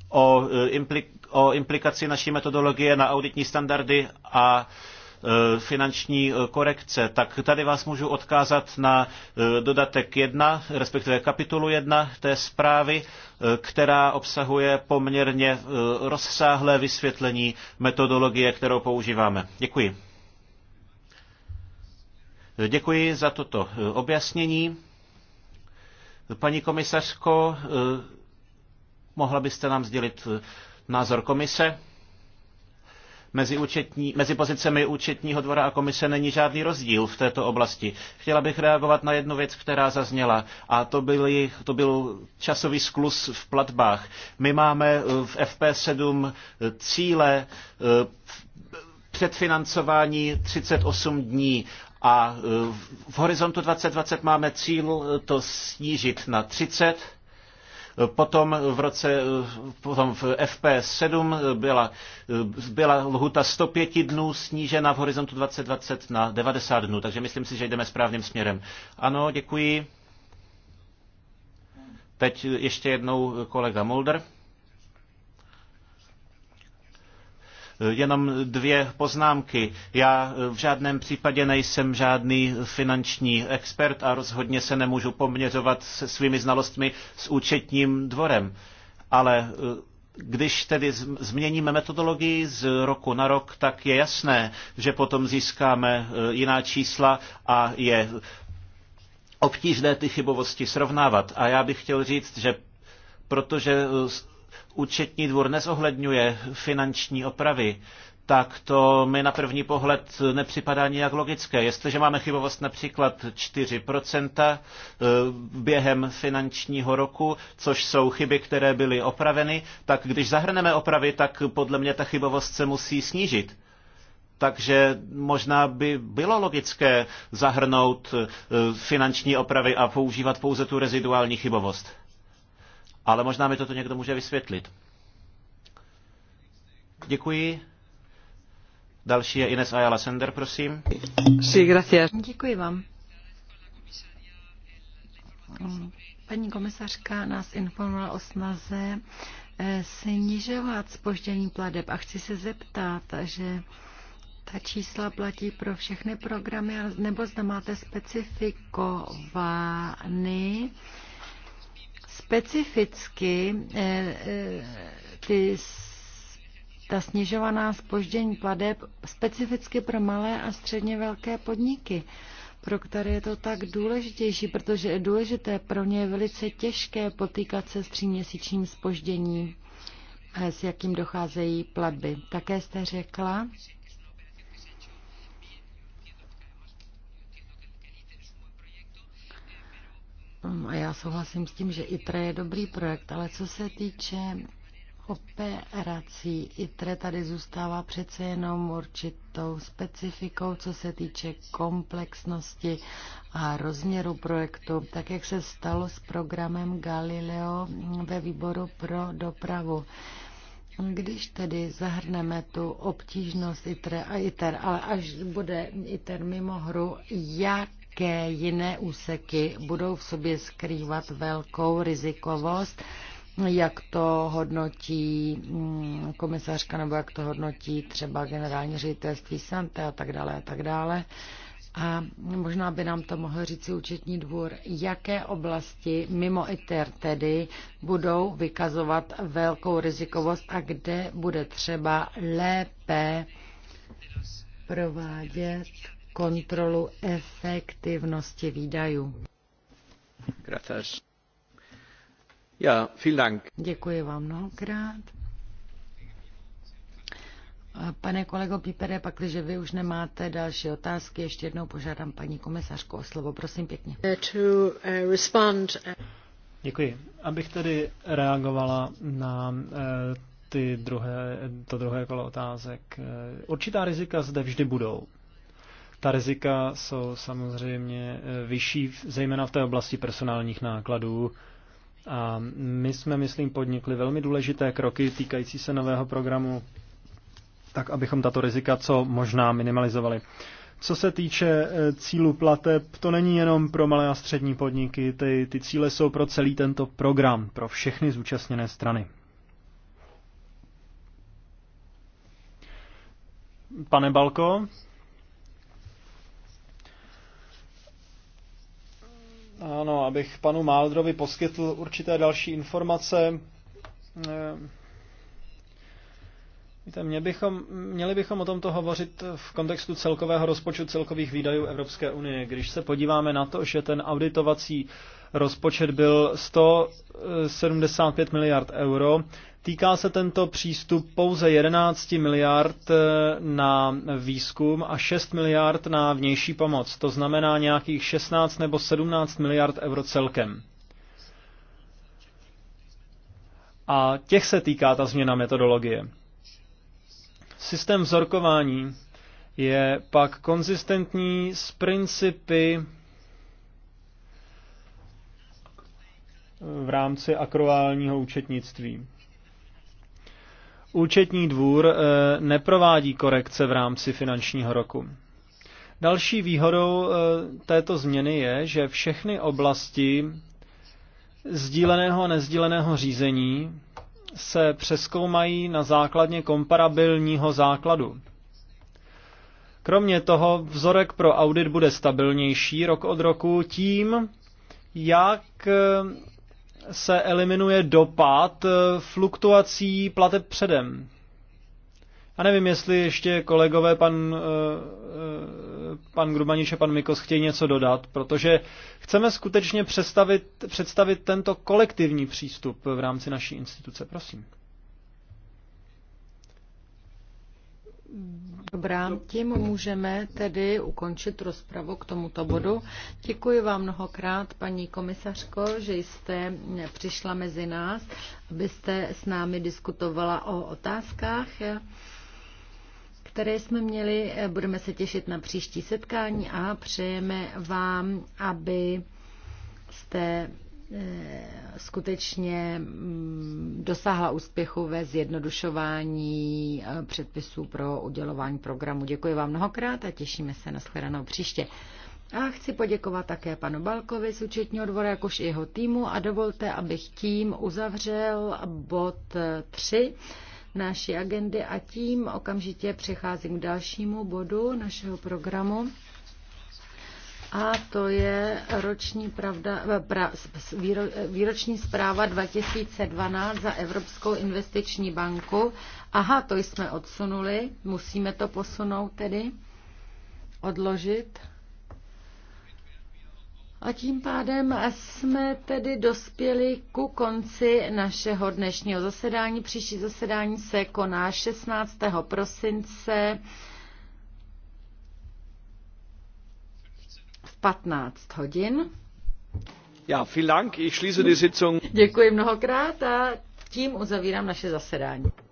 o, eh, implik- o implikaci naší metodologie na auditní standardy a eh, finanční eh, korekce, tak tady vás můžu odkázat na dodatek 1, respektive kapitolu 1 té zprávy, která obsahuje poměrně rozsáhlé vysvětlení metodologie, kterou používáme. Děkuji. Děkuji za toto objasnění. Paní komisařko, eh, mohla byste nám sdělit eh, názor komise? Mezi, účetní, mezi pozicemi účetního dvora a komise není žádný rozdíl v této oblasti. Chtěla bych reagovat na jednu věc, která zazněla, a to, byly, to byl časový sklus v platbách. My máme eh, v FP7 cíle předfinancování 38 dní a eh, v horizontu 2020 máme cíl eh, to snížit na 30 eh, Potom v roce, potom v fp 7 byla, byla lhuta 105 dnů snížena v horizontu 2020 na 90 dnů, takže myslím si, že jdeme správným směrem. Ano, děkuji. Teď ještě jednou kolega Mulder. Jenom dvě poznámky. Já eh, v žádném případě nejsem žádný finanční expert a rozhodně se nemůžu poměřovat se svými znalostmi s účetním dvorem. Ale eh, když tedy změníme metodologii z roku na rok, tak je jasné, že potom získáme eh, jiná čísla a je obtížné ty chybovosti srovnávat. A já bych chtěl říct, že protože účetní dvůr nezohledňuje finanční opravy, tak to mi na první pohled nepřipadá nijak logické. Jestliže máme chybovost například 4% eh, během finančního roku, což jsou chyby, které byly opraveny, tak když zahrneme opravy, tak podle mě ta chybovost se musí snížit. Takže možná by bylo logické zahrnout eh, finanční opravy a používat pouze tu reziduální chybovost ale možná mi toto někdo může vysvětlit. Děkuji. Další je Ines Ayala Sender, prosím. Sí, gracias. Děkuji vám. Paní komisařka nás informovala o snaze eh, snižovat spoždění pladeb a chci se zeptat, že ta čísla platí pro všechny programy, nebo zda máte specifikovány specificky eh, eh, ty, ta snižovaná spoždění pladeb specificky pro malé a středně velké podniky pro které je to tak důležitější, protože je důležité pro ně je velice těžké potýkat se s tříměsíčním spožděním, eh, s jakým docházejí platby. Také jste řekla, Hm, a já souhlasím s tím, že ITRE je dobrý projekt, ale co se týče operací, ITRE tady zůstává přece jenom určitou specifikou, co se týče komplexnosti a rozměru projektu, tak jak se stalo s programem Galileo ve výboru pro dopravu. Když tedy zahrneme tu obtížnost ITER a ITER, ale až bude ITER mimo hru, jak jaké jiné úseky budou v sobě skrývat velkou rizikovost, jak to hodnotí mm, komisařka nebo jak to hodnotí třeba generální ředitelství Sante a tak dále a tak dále. A možná by nám to mohl říct účetní dvůr, jaké oblasti mimo ITER tedy budou vykazovat velkou rizikovost a kde bude třeba lépe provádět kontrolu efektivnosti výdajů. Gracias. Ja, vielen Dank. Děkuji vám mnohokrát. Pane kolego Pípere, pakliže vy už nemáte další otázky, ještě jednou požádám paní komisařku o slovo. Prosím pěkně. Eh, eh. Děkuji. Abych tedy reagovala na eh, ty druhé, to druhé kolo otázek. Určitá rizika zde vždy budou. Ta rizika jsou samozřejmě eh, vyšší, zejména v té oblasti personálních nákladů. A my jsme, myslím, podnikli velmi důležité kroky týkající se nového programu, tak abychom tato rizika co možná minimalizovali. Co se týče eh, cílu plateb, to není jenom pro malé a střední podniky, ty, ty cíle jsou pro celý tento program, pro všechny zúčastněné strany. Pane Balko, Ano, abych panu Máldrovi poskytl určité další informace. Eh, víte, mě bychom, měli bychom o tomto hovořit v kontextu celkového rozpočtu celkových výdajů Evropské unie. Když se podíváme na to, že ten auditovací rozpočet byl 175 eh, miliard euro, Týká se tento přístup pouze 11 miliard eh, na výzkum a 6 miliard na vnější pomoc. To znamená nějakých 16 nebo 17 miliard euro celkem. A těch se týká ta změna metodologie. Systém vzorkování je pak konzistentní s principy v rámci akruálního účetnictví. Účetní dvůr eh, neprovádí korekce v rámci finančního roku. Další výhodou eh, této změny je, že všechny oblasti sdíleného a nezdíleného řízení se přeskoumají na základně komparabilního základu. Kromě toho vzorek pro audit bude stabilnější rok od roku tím, jak eh, se eliminuje dopad eh, fluktuací plateb předem. A nevím, jestli ještě kolegové, pan, eh, eh, pan Grubaniš a pan Mikos chtějí něco dodat, protože chceme skutečně představit, představit tento kolektivní přístup v rámci naší instituce. Prosím. Dobrá, tím můžeme tedy ukončit rozpravu k tomuto bodu. Děkuji vám mnohokrát, paní komisařko, že jste přišla mezi nás, abyste s námi diskutovala o otázkách které jsme měli. Budeme se těšit na příští setkání a přejeme vám, aby jste Eh, skutečně mm, dosáhla úspěchu ve zjednodušování eh, předpisů pro udělování programu. Děkuji vám mnohokrát a těšíme se na shledanou příště. A chci poděkovat také panu Balkovi z účetního dvora, jakož i jeho týmu a dovolte, abych tím uzavřel bod 3 eh, naší agendy a tím okamžitě přecházím k dalšímu bodu našeho programu. A to je roční, pravda, eh, pra, výro, eh, výroční zpráva 2012 za Evropskou investiční banku. Aha, to jsme odsunuli, musíme to posunout tedy, odložit. A tím pádem jsme tedy dospěli ku konci našeho dnešního zasedání. Příští zasedání se koná 16. prosince v 15 hodin. Ja, vielen Dank. Ich schließe die Sitzung. Děkuji mnohokrát a tím uzavírám naše zasedání.